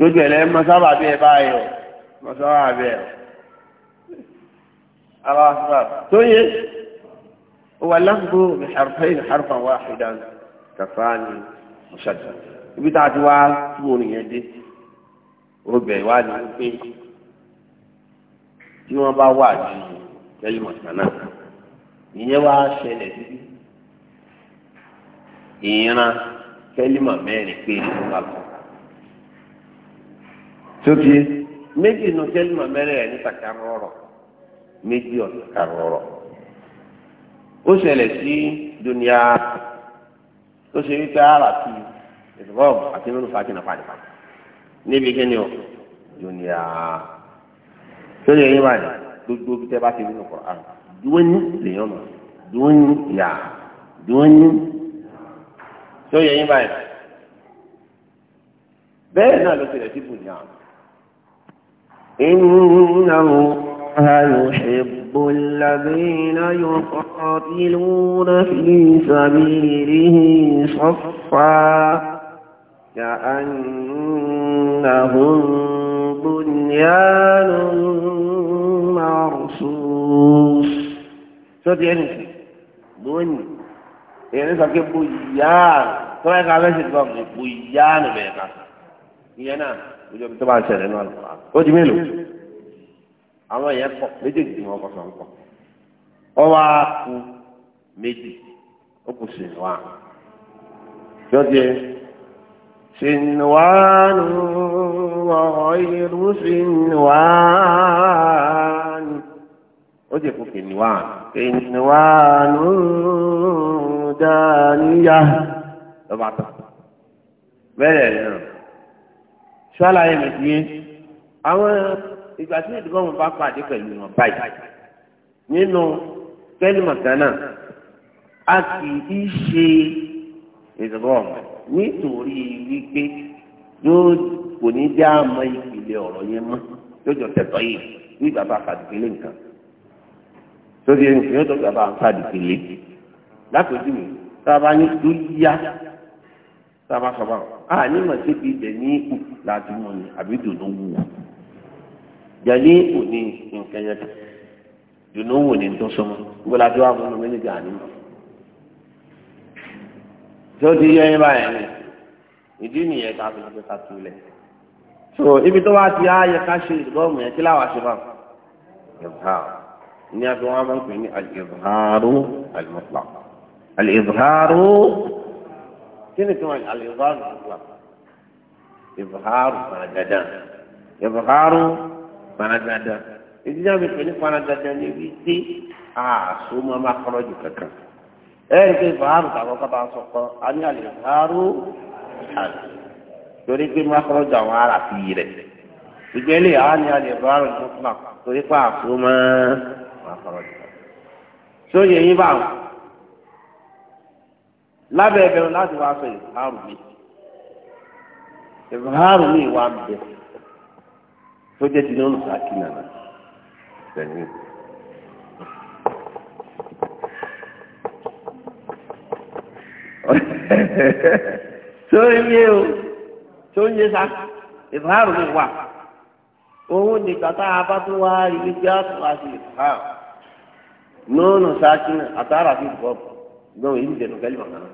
lójú ẹ̀lẹ́ mọ́sábà bí ẹ bá yọ mọ́sábà bí ẹ aláwọ̀sábà tó yẹ wà lágbó bí harfain harfan wahidan kàfáàní mọ́ṣájà ibi tá a ti wá tú oníyẹn dé obìnrin wá ní pé tí wọ́n bá wà ní tẹ́lẹ̀mọ̀tàn náà ìyẹn wá ṣẹlẹ̀ sí ìran tẹ́lẹ̀mọ̀ mẹ́rin pé ìlú kàkọ́ sókè méjì nù kẹlímà mẹrẹ ní kàkàrọrọ méjì ọ̀nà kàrọrọ ó ṣẹlẹ̀ sí dunia tó ṣe wípé ara ti ìfọwọ́ àti nínú fàájì náà pàdé pàdé níbi kí ni o dunia tó yẹ yín báyìí gbogbo bí tẹ́ bá ti nínú kọ̀ọ̀kan duwọ́nyí lèyàn mọ̀ duwọ́nyí yà duwọ́nyí tó yẹ yín báyìí bẹ́ẹ̀ náà ló ṣẹlẹ̀ sí dunia. إنه يحب الذين يقاتلون في سبيله صفا كأنهم بنيان مرصوص sọ́tí ẹni lónìí ẹni sọ pé bóyá tó ẹ̀ka lẹ́sìn kan bóyá nìbẹ̀ẹ́ka ìyẹn náà lójú tó bá ń ṣẹlẹ̀ náà lọ́wọ́ ó di mélòó àwọn yẹn kọ méjèèjì tí wọ́n kọ sọ ń kọ ọ wá ku méjì ó kù sí wa jọ́jẹ́ sinwaanu ọ̀rọ̀ irú sinwaanu ó jẹ́ kó kìnìwaanu kìnìwaanu dáníyà lọ́ba tó bẹ́ẹ̀ náà sálàyé mi ti yé àwọn ìgbà tí ìdìbò wọn bá pàdé pẹ̀lú wọn báyìí nínú kẹ́lìmọ̀ gánà a kì í ṣe ìdìbò wọn nítorí wípé yóò kò ní jẹ́ àmọ́ ìpìlẹ̀ ọ̀rọ̀ yẹn mọ́ yóò jọ tẹ̀tọ́ yìí nígbà bá fàdìpínlẹ̀ nǹkan sórí ẹni tí yóò tó gbà bá fàdìpínlẹ̀ látòjú mi tá a bá ní tó yá sábà sọ báwọn a ní mọ̀ sí ibi ìdẹ̀ ní ikú láti mọ̀ ní àbí dùnúwù wọn jẹ̀lé ò ní nǹkan yẹn dùnúwù ní tó sọmọ gbogbo láti wá fún mi ní gàá ní mọ̀ tó ti yẹ yín báyẹn ni ìdí nìyẹn ká fi ṣe ká túlẹ̀ so ibi tó wá ti á yẹ ká ṣe ìdúgbòmù yẹn kí láwa ṣe báwọn ìbáwọ̀ ní abẹ́ wọn máa ń pè ní alìbáàrú alìmọ̀pá alìbáàrú. Kini ni tiwọn alìbáàrù gbogbo àpò ìbùhárù panadada ìbùhárù panadada ìdíjà mi pè ní panadada ní ibi tí àṣù máa máa kọ́rọ́ jù kankan ẹ̀rí pé ìbùhárù tàbí ọkọ̀ bá sọ kọ́ a ní alìbáàrù àlù torí pé máa kọ́rọ́ jù àwọn ará fi rẹ̀ ìgbẹ́lẹ̀ a ní alìbáàrù ní mọ́tò náà torí pé àṣù máa máa kọ́rọ́ jù kankan sóyè yín lábẹ́ ẹbẹ̀rún láti wá sọ ìfúhárù mi ìfúhárù mi wà ń bẹ tó jẹ́ ti ní olùsàkí nànà sẹ́yìn. tó ń yé o tó ń yé sa ìfúhárù mi wà òun nìkan tá a bá tó a tó wá sí ìfúhárù nínú sàkí àtàrà fi bọ̀ ṣùgbọ́n èyí ìdẹnu kẹ́lí màkà náà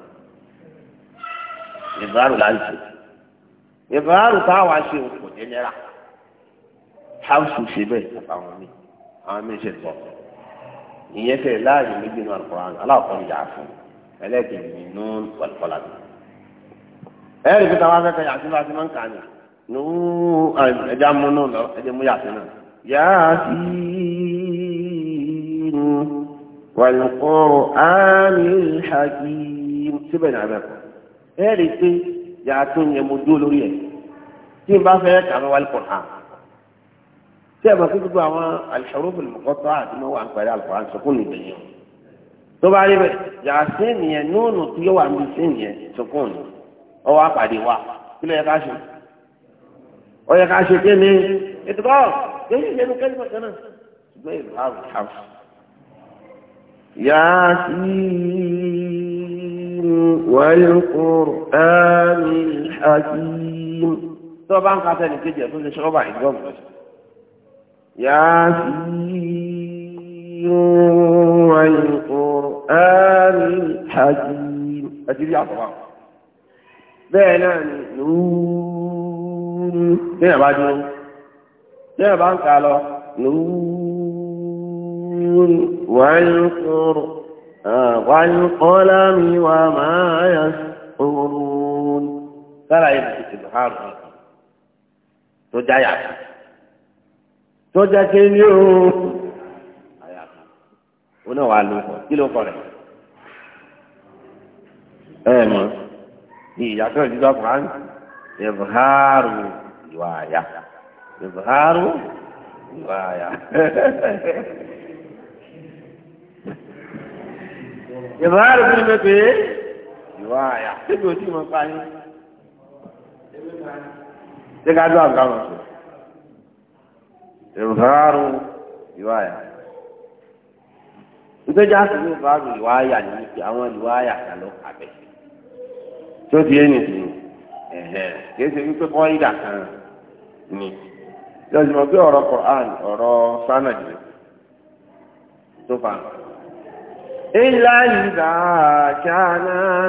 ìbáàrù là ń ṣe ìbáàrù táwa ṣe òkò jẹnẹra house ṣe bẹ́ẹ̀ àtàwọn mi àwọn mi ṣe tọ̀ ìyẹn fẹ́ láàyè méjì náà Al-Qur'an aláwọ̀ ìyá fún ẹlẹ́kẹ̀ẹ́ nínú pọ̀lọ́pọ̀lọ́ mi. ẹ̀rí pé táwa fẹ́ẹ́ yàtí bá ti máa ń kà ní ẹja mú lọ ẹja mú náà yàtí. والقرآن الحكيم سبحان عبادك هذه تي يعطون يمدول ريه تي ما فيك على القرآن تي ما فيك الحروف المقطعة ما هو عن قراءة القرآن سكون بينهم طبعا يبقى يعسين ينون تيو عم بيسين سكون أو أقعد يوا كلا يقاشم أو يقاشم كني إدراك ليش لأنه كلمة كنا بيبقى هذا الحرف ياسين والقرآن الحكيم طبعا قاتل كده كل شيء ربع يقوم ياسين والقرآن الحكيم أجل يا طبعا بينا نور كده بعد نور كده بعد قالوا نور والقرآن آه، والقلم وما يسطرون فلا يمسك سبحان الله عفا يعقل توجع كنيو ونو علو كيلو قرن ايما دي هي دي ضاف عن إظهار رواية إظهار رواية (laughs) ìwà fún mi ìwà àyà òtí mọ̀ pa yín. ká dún àgbà sọ? ìrùfàárù ìwà àyà. ìtọ́jú àti ìrùfàárù ìwà àyà ni wípé àwọn ìwà àyà kan ló tó di ẹni sí kìí ṣe wípé kọ́ ìdà kan ni. ọ̀rọ̀ ọ̀rọ̀ tó nǹkan. إلا إذا كان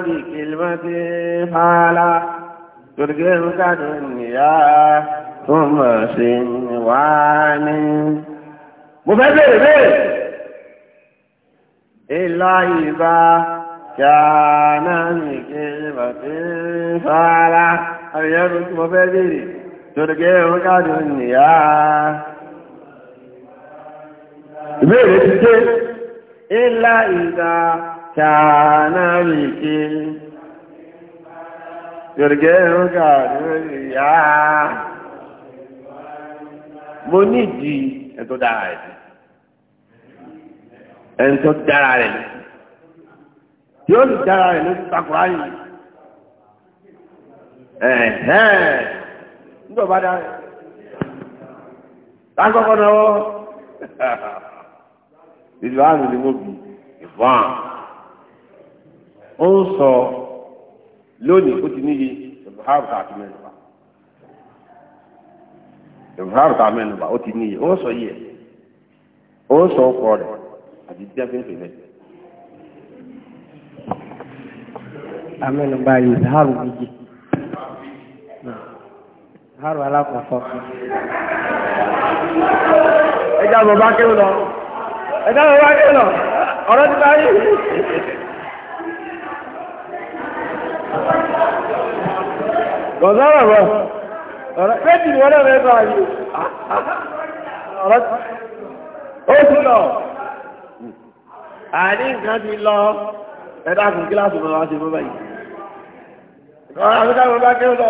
بكلمة فعلا ترجمك دنيا ثم سنوان مبادر بيه إلا إذا كان بكلمة فعلا أبيض مبادر ترجمك دنيا ìbéèrè ti إلا إذا كان ike, يرجعك الرياح mo ní ìdí ẹ̀tọ́ dára rẹ̀ ẹ̀tọ́ dára rẹ̀ tí ó lè dára rẹ̀ ló ti takùrá yìí ẹ̀hẹ́n nígbà (laughs) ìlúwàánù ni mo bì ìfọ́n ó ń sọ lónìí ó ti níye ìbùhárù tààtì mẹ́nuba ìbùhárù tààtì mẹ́nuba ó ti níye ó ń sọ yìí ẹ̀ ó ń sọ ọkọ rẹ̀ àti jẹ́fẹ́fẹ́ rẹ̀. amẹ́nuba yìí ìbùhárù méjì ìbùhárù alákọ̀ọ́kọ́. ẹ jábọ̀ bá kéwòn lọ ẹ̀dá wọn wá dé lọ ọ̀rọ̀ ti báyìí. gọ̀ọ́sọ̀rọ̀ bọ̀ ọ̀rọ̀ pẹ́ẹ́tì ni wọ́n náà fẹ́ sọ àyè ọ̀rọ̀ ó ti lọ àní nǹkan ti lọ ẹ̀dá kùn kíláàsì mọ́ wá ṣe mọ́ báyìí. ọ̀rọ̀ àfikà mọ́ bá kẹ́ lọ.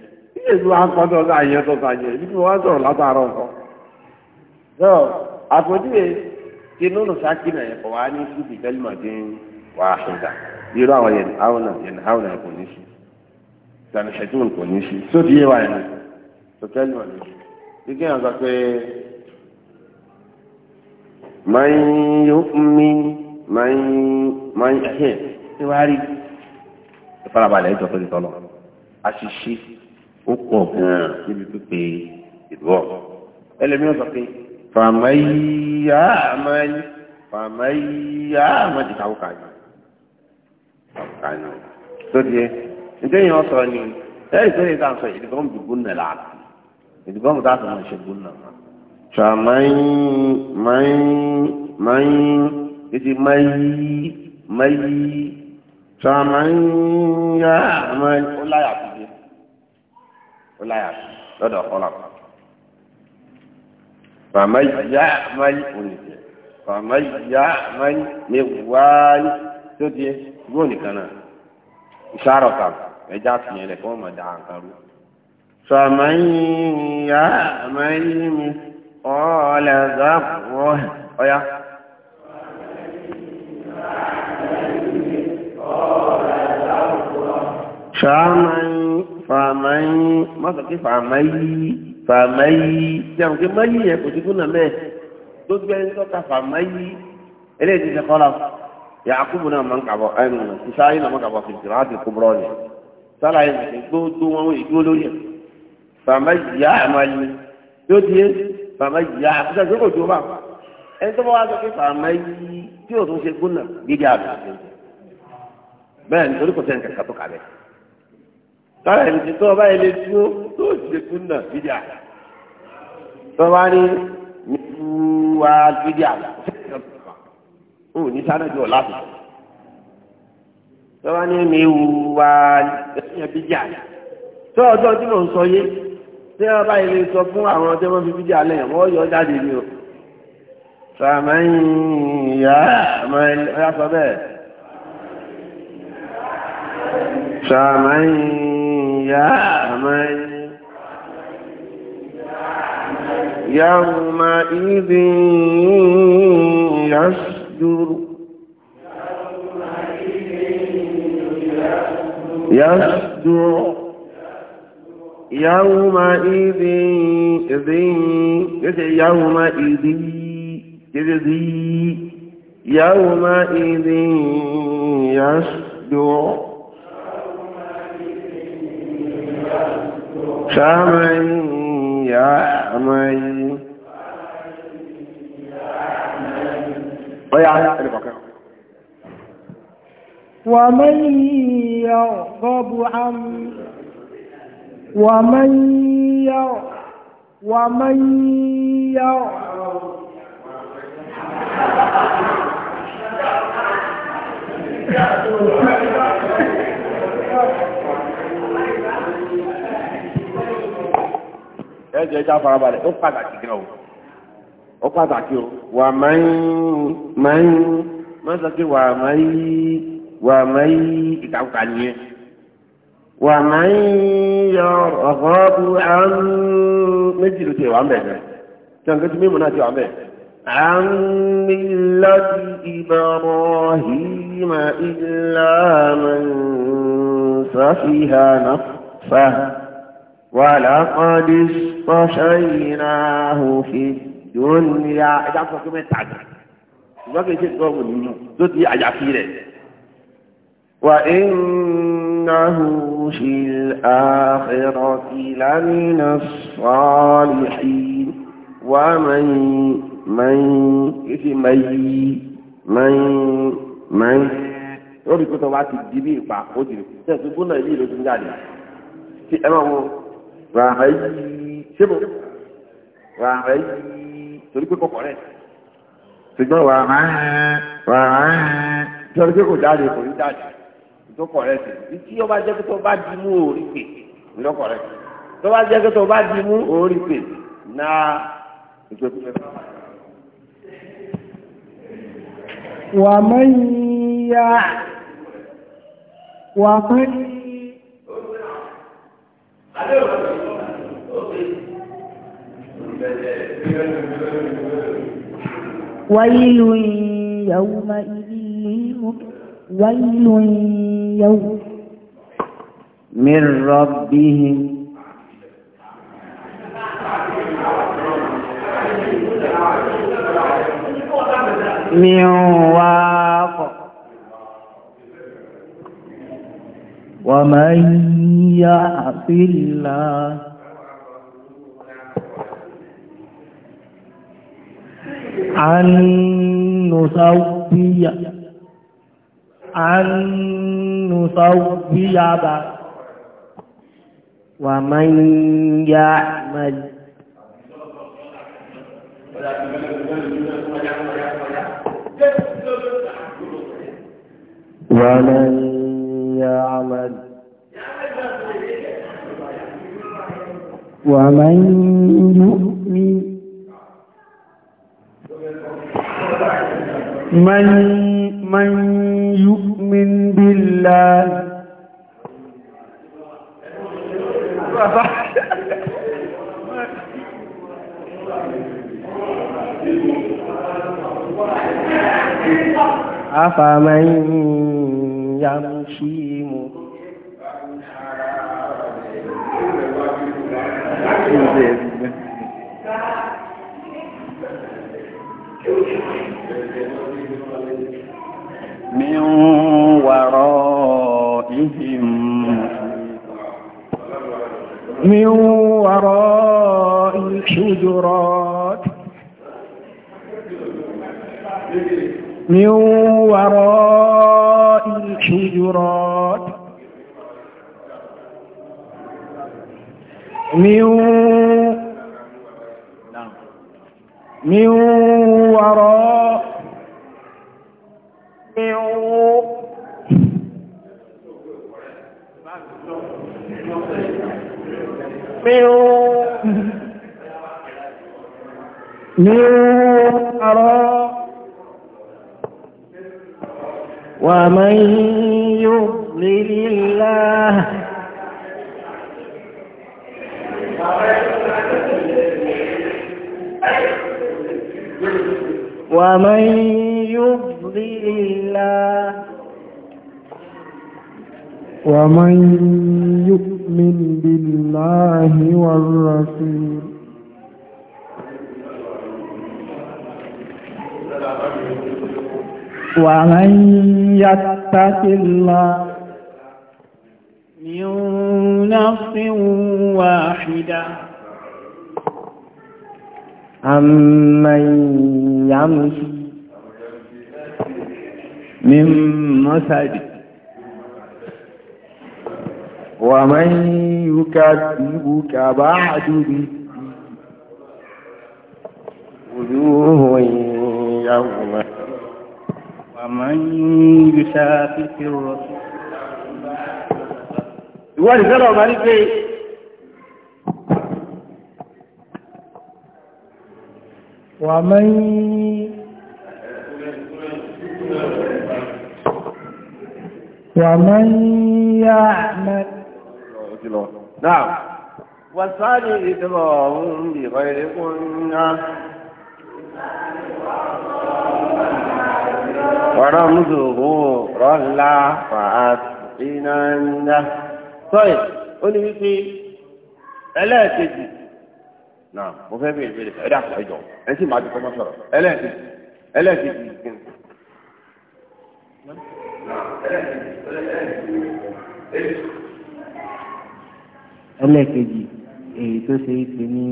èso akọ́dọ̀ láàyè tó sàyè níbi wọ́n sọ̀rọ̀ látàárọ̀ nǹkan. tó àpòjúwe tí nínú sákìnà ẹ̀kọ́ wa ní síbi tẹ́límọ̀dé wà á ṣẹ̀dá irú àwọn yẹn àwọn yẹn àwọn yẹn kò ní sí ìdáná ṣẹ́tún kò ní sí sódì yé wa yẹn tó tẹ́límọ̀dé bí kí wọ́n sọ pé máa ń yọ mí máa ń máa ń ṣe ìwárí ìfarabalẹ̀ ìjọ tó ti tọ́ lọ àṣìṣe ó pọ̀ gan-an níbi pípe ìdúrọ̀ ẹlẹ́mìíràn sọ pé fàmáyà àmáyí fàmáyà àmáyí kàwọ́ kàyọ̀ kàwọ́ kàyọ̀ tó di ẹ ǹjẹ́ yẹn wọ́n sọ ni ẹ̀rí sẹ́yìn tá a sọ ìdìbò ń dùgbò nà lára ìdìbò ń dá sọ̀rọ̀ ìṣègùn nà má. fàmáyí máyí máyí ètí máyí máyí fàmáyà àmáyí ó láyà lọ́dọ̀ ọ̀kọ́lá. Fàmà yá máyì oníṣẹ́. Fàmà yá máyì ní wáyé tó di gbóò nìkan náà. Ìṣàrọ̀ kan ẹja fi yẹn lẹ̀ kí wọ́n mọ̀ dá nǹkan rú. Fàmà mọ́tò pé fàmáyí fàmáyí tí a mọ̀ pé máyí yẹn kò sí fúnà mẹ́ẹ̀ tó gbé ẹni tó ka fàmáyí eléyìí ti ṣe kọ́lá yàkúbù náà máa ń kàbọ̀ ẹnu ìṣáyé náà máa ń kàbọ̀ fìtìrì láti kúburọ́ ni sálàyé mi gbogbo wọn ò dúró lórí ẹ̀ fàmáyí yá àmàlí tó di é fàmáyí yá àkúṣà tó kò dúró bá ẹni tó bá wá sọ pé tọ́lá ìlú tó ọba ilé tí ó tó ṣe kún náà fídíà tó bá ní wá fídíà ó ní sánájú ọ̀la tó tó bá ní mi wú wá fídíà tó ọjọ́ tí mò ń sọ yé tí wọ́n bá ilé sọ fún àwọn tí wọ́n fi fídíà lẹ́yìn wọ́n yọ jáde ní o. Sàmáyìn yá, ọ̀yá sọ bẹ́ẹ̀. Sàmáyìn. من يومئذ يصدر يصدر يومئذ ذي يومئذ ذي يومئذ يصدر فمن يعمل طيب، ومن يرغب عن ومن ير ومن ير Yeah, (laughs) ẹjọ́ ẹjá farabalẹ̀ ó pàtàkì gan o ó pàtàkì o wà máa ń máa ń máa ń sọ pé wà máa ń wà máa ń ìtàkùkà nìyẹn wà máa ń yọ ọ̀gọ́ bu àrùn méjì ló ti wà ń bẹ̀ bẹ̀ tí mímu náà ti wà ń bẹ̀. عن ملة إبراهيم إلا من سفه نفسه ولقد مشيناه في الدنيا إذا أصبحت كما يتعجل ما كان شيء قوم منه ضد عجافيرة وإنه في الآخرة لمن الصالحين ومن من من من من lórí pé tó bá ti di bí ìpa ó ti rè tẹ̀sí gbóná ìlú ìlú tó ń jáde tí ẹ máa wo ràhàyí síbò wà rẹ̀ yìí torí pé kọ̀kọ̀ rẹ̀ ṣùgbọ́n wà máa wà máa torí pé kò jáde kò rí jáde tó kọ̀ rẹ̀ sí i tí ọba jẹ́ pé tó bá di mú orí pè lọ́kọ̀ rẹ̀ tó bá jẹ́ pé tó bá di mú orí pè náà ìgbẹ́kúnlẹ̀ náà. ومن يع ومن ويل يومئذ ويل يوم من ربهم من واق ومن يعص الله أن نسوي أن نسوي ومن يعمل ومن يعمل ومن يؤمن من من يؤمن بالله أفمن يمشي مكبا ورائهم من وراء الحجرات من وراء الحجرات من نعم. من من أراء ومن يضلل الله ومن يضلل الله ومن يؤمن بالله والرسول ومن يتق الله من نفس واحدة أمن يمشي من مسجد ومن يكذبك بعد بالدين وجوه يوم ومن يشاكك الرسول ìwọ́n ìfẹ́lọ̀ ọba ní pé wà títí lọ. náà wàsáàdì ìdúró ọ̀hún bí ìrọ̀lẹ́ fún yá. wàràmùdùrú rọ́lá fàásìnàndà. sọ́yìn ó ní wípé ẹlẹ́ẹ̀kejì náà mo fẹ́ bí ìbéèrè ẹ̀dá àjọ ẹ̀ sì máa di kọ́mọ́ sọ̀rọ̀ ẹlẹ́ẹ̀kejì ẹlẹ́ẹ̀kejì kìnnìkan ẹlẹ́ẹ̀kejì ẹlẹ́ẹ̀kejì ẹlẹ́ẹ̀kejì ẹlẹ́ẹ̀kejì èyí tó ṣe é ṣe ní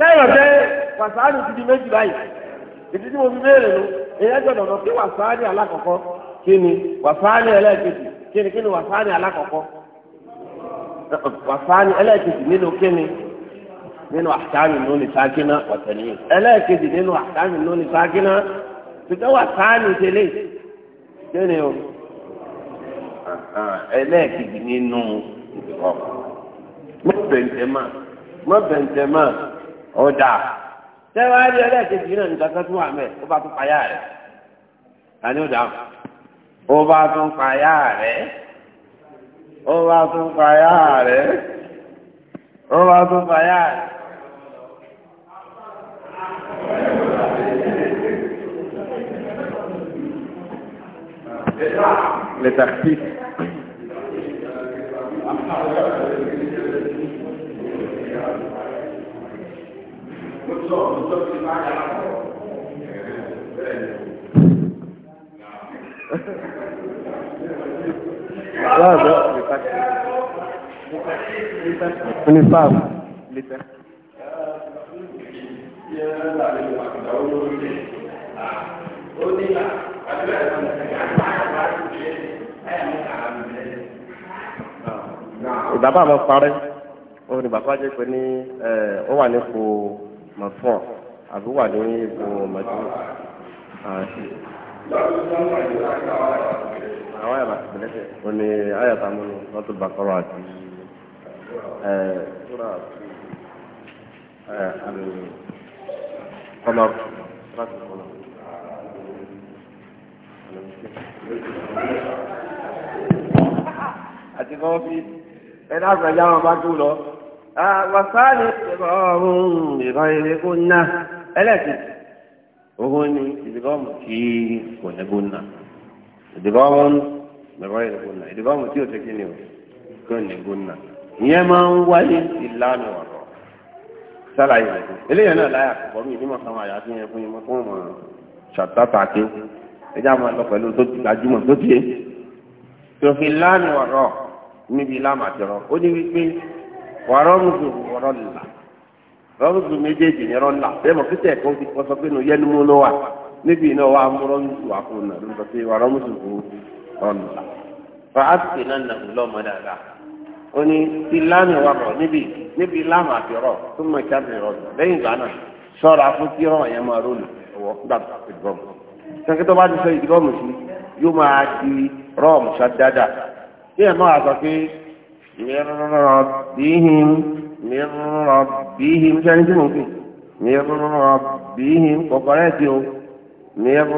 lẹ́yìn ọ̀tẹ́ wàsáàdù ti di méjì báyìí ìdí tí mo fi béèrè ló èyí gbọ́dọ̀ lọ kí wàsáàdù alákọ̀ọ́kọ́ kí ni wàsáàdù ẹlẹ́ẹ̀kejì kí ni kí ni wàsáàdù alákọ̀ọ́kọ́ wàsáàdù ẹlẹ́ẹ̀kejì nínú kí ni nínú àkàmì lónìí sákínà ọ̀tẹ̀ nìyẹn ẹlẹ́ẹ̀kejì nínú àkàmì lónìí sákínà ṣùgbọ́n wà sáánù tẹ́lẹ̀ tẹ́lẹ̀ o ẹlẹ́ẹ̀kejì nínú ìdìbò mọ bẹ̀ntẹ́mà mọ bẹ̀ntẹ́mà ọ̀dà tẹ́wọ́ á rí ẹlẹ́ẹ̀kejì náà nígbà kan tó wà mẹ́ ó bá tún payá rẹ̀ tani ó dáhùn ó bá tún payá rẹ̀ ó bá tún payá rẹ̀ ó bá tún payá rẹ̀. لتخفيف لا لا لتخفيف لتخفيف لتخفيف ó ní àdúrà ìfọ̀nà ìyá bàbá àmọ́ parẹ́ ó ní bàbá jẹ́ pé ní ó wà nípò mọ̀fọ́n àbí wà ní ipò mọ̀jú. àwọn àyàbà ti bẹ̀rẹ̀ tẹ̀ ó ní àyàbà mú ní wọ́n tó bá kọ́rọ̀ àti ṣúra àmì kọ́mọ láti kọ́mọ. Àti kọ́ fi ẹ̀dá àgbàjá wọn bá tó lọ. àwọ̀sáàlì ìbọn ọ̀hún ìbọn ilé kó ná ẹlẹ́sìn owó ní ìdìbọ́mù tí kò ní kó ná ìdìbọ́mù ìbọn ilé kó ná ìdìbọ́mù tí ò tẹ́kí ni ò kò ní kó ná ìyẹn máa ń wáyé ìlànà ọ̀rọ̀ sálàyé rẹ̀ eléyàn náà láyà kọ̀ mí nímọ̀ sáwọn àyà níbi láàmà jọrọ ó ní wípé wà rọrùn ọ̀rọ̀ là rọrùn méjèèjì ní rọlà bẹ́ẹ̀ mọ̀ kíkẹ́ ẹ̀kọ́ ti kọ́ sọ pé nù yẹnu mú ló wà níbi iná wa mú rọrùn wà fún un náà ló sọ pé wà rọrùn ọ̀rọ̀ là fa àtúntì náà nà ń lọ́mọ dáadáa ó ní ti láàmì wà rọ níbi níbi láàmà jọrọ tó mọ ìkàbí rọ lẹ́yìn ìgbà náà sọ́ra fún kí rọ̀ yẹn máa rólù ọwọ́ gbàgbà ìdìbọ̀mù bá ti sọ ìdìbọ̀mù sí yóò máa di rọ́ọ̀mù sọ dáadáa kí ẹ máa sọ pé mìíràn mìíràn bíhìm sẹ́ni tí mo ń pè mìíràn bíhìm kọ̀kọ́rẹ́ ti o mìíràn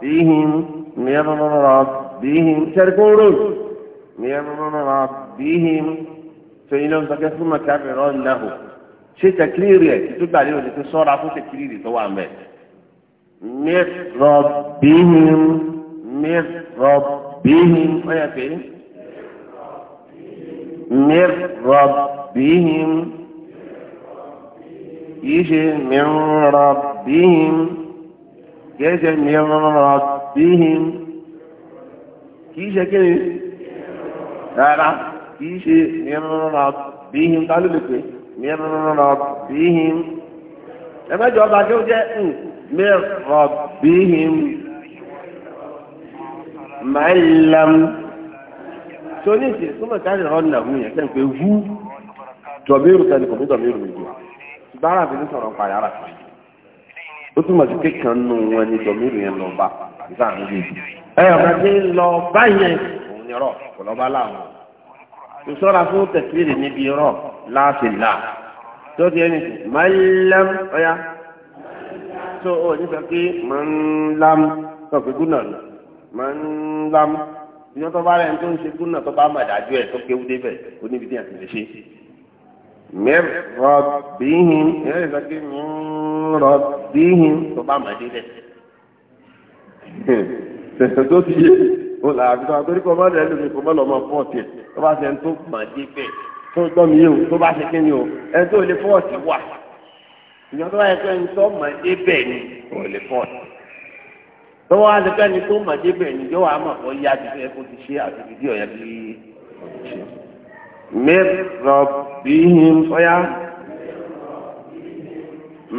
bíhìm mìíràn bíhìm sẹ́ni kó rò mìíràn bíhìm sẹ́yìn ló ń sọ pé fún mọ̀kàbí rọ̀ lẹ́hùn ṣé tẹkírì ẹ̀ títí gbàdé òní ti sọ́ra fún tẹkírì tó wà mẹ́. mìíràn bíhìm mìíràn bíhìm من ربهم يجي من ربهم يجي من ربهم كيجي كده لا لا كيجي من ربهم تعالوا لك من ربهم لما جواب بعد جاء إيه؟ من ربهم من لم tó ní ìsìn súnmọ̀ káàrí ọ̀nà mú yẹn kẹ́ ń pé wú dọ̀míìrù kẹ́ni kò ní dọ̀míìrù méjì bára fi ní sọ̀rọ̀ parí ara kan ó túmọ̀ sí kékan nù wọn ni dọ̀míìrù yẹn lọ bá àbísà ń rí ẹ ọ̀nà tí ń lọ bá yẹn òun ni rọ̀ kò lọ bá láwọn ìṣọ́ra fún tẹ̀síìrì níbi rọ̀ láàfin là tó ti ẹni mọ́lẹ́m ọ̀yá tó o nífẹ̀ẹ́ pé mọ́lẹ́m sọ pé gúnà mọ́lẹ́m ìjọ tó bá rẹ̀ ń tó ń ṣe kúnnà tó bá mọ̀ dájú ẹ̀ tó kéwú débẹ̀ oníbi tí a ti lè ṣe. mẹ́rọ̀bìhìn ẹ̀rẹ́ sọ pé mẹ́rọ̀bìhìn tó bá mọ̀ débẹ̀. tẹ̀sán tó ti yé o là á fi sọ àtòrí kọ́ mọ́ rẹ̀ lómi kò mọ́ lọ́ mọ́ fọ́ọ̀tì tó bá ṣe ń tó mọ̀ débẹ̀ tó gbọ́ mi yé o tó bá ṣe kí o ẹni tó lè fọ́ọ̀tì wà ìjọ tó bá yẹ tọ́wọ́ alẹ́kẹ́ni tó mà débẹ̀ ni yóò wá mọ̀ ọ́ yá ti fẹ́ kó ti ṣe àti fìdí ọ̀yà bí kò ti ṣe. mẹ́rọ bí hin fọ́yà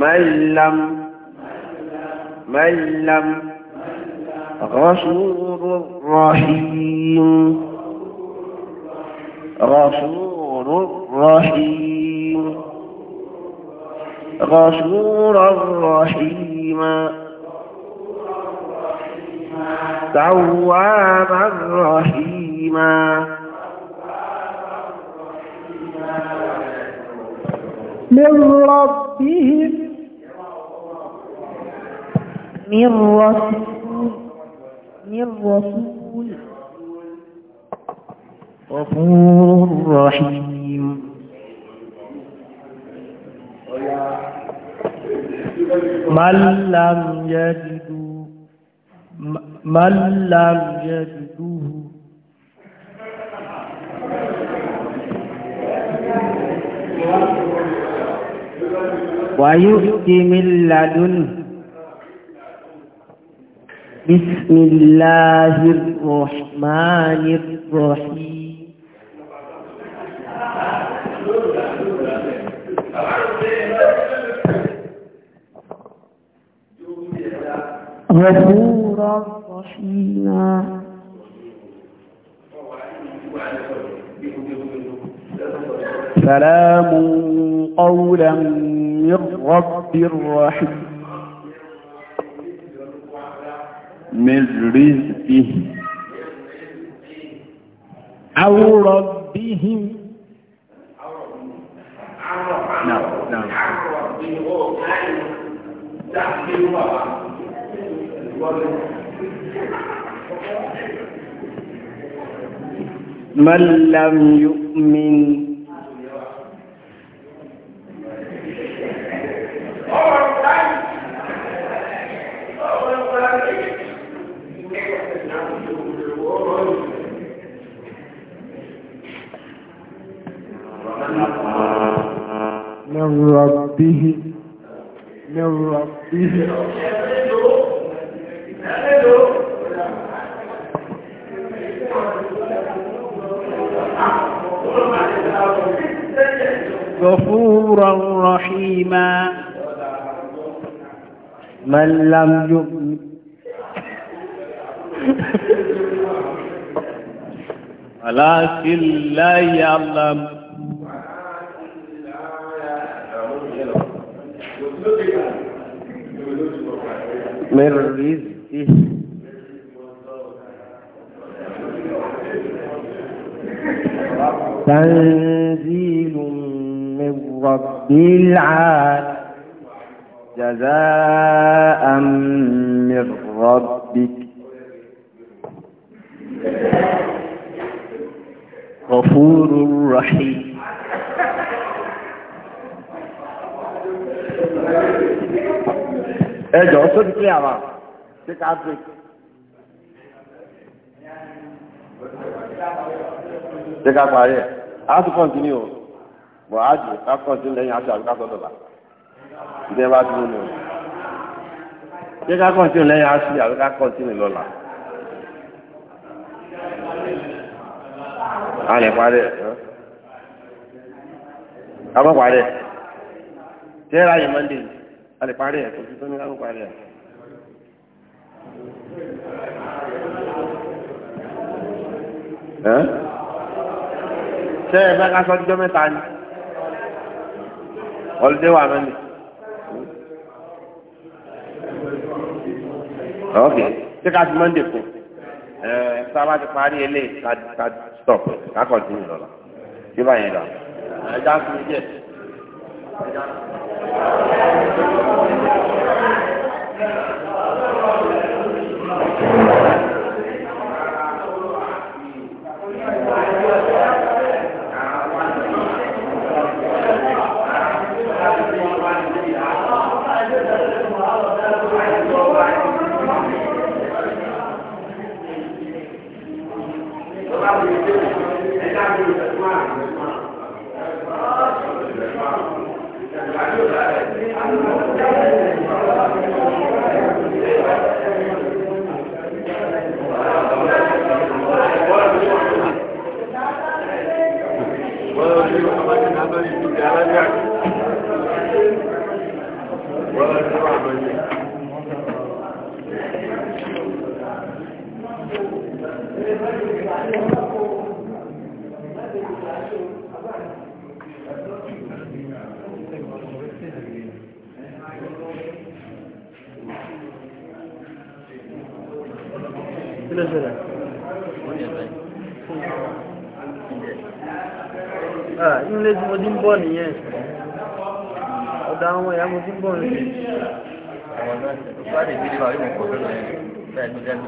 mẹ́lám mẹ́lám rọ́ṣúrú rọ́hìm rọ́ṣúrú rọ́hìm rọ́ṣúrú rọ́hìm. توابا رحيما من ربهم من رسول من رسول غفور رحيم من لم يجدوا من لم يجده ويؤتي من لدنه بسم الله الرحمن الرحيم غفورا رحيما سلام قولا من رب الرحيم من رزقه أو ربهم نعم نعم من لم يؤمن من ربه من ربه غفورا رحيما من لم يؤمن ولكن لا يعلم من رزقه تنزل رب العاد جزاء من ربك غفور رحيم ẹjọ́ tó ti kí àwà tí ká bí tí ká parí ẹ̀ á tún kọ́ntínú mọ̀hájì kákọ̀tì lẹ́yìn aṣọ àbí kákọ̀tì ọ̀la ìdẹ́ bá dúró ní o ṣé kákọ̀tì lẹ́yìn aṣọ àbí kákọ̀tì ní lọ́la. a lè parí ẹ̀ ká má parí ẹ̀ ṣé ẹ ráyè mọ́ndé a lè parí ẹ̀ kò sí tó ní bá ká sọ́jọ́ mẹ́ta ni ọlọ́dẹ wà mẹ́ni. ok ṣé ká ti mọ́ndé kù ẹ sábà ti parí ilé ká stop ká continue lọ́la kí báyìí lọ. ẹ já sí Thank you.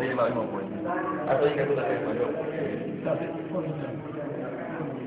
det gjelder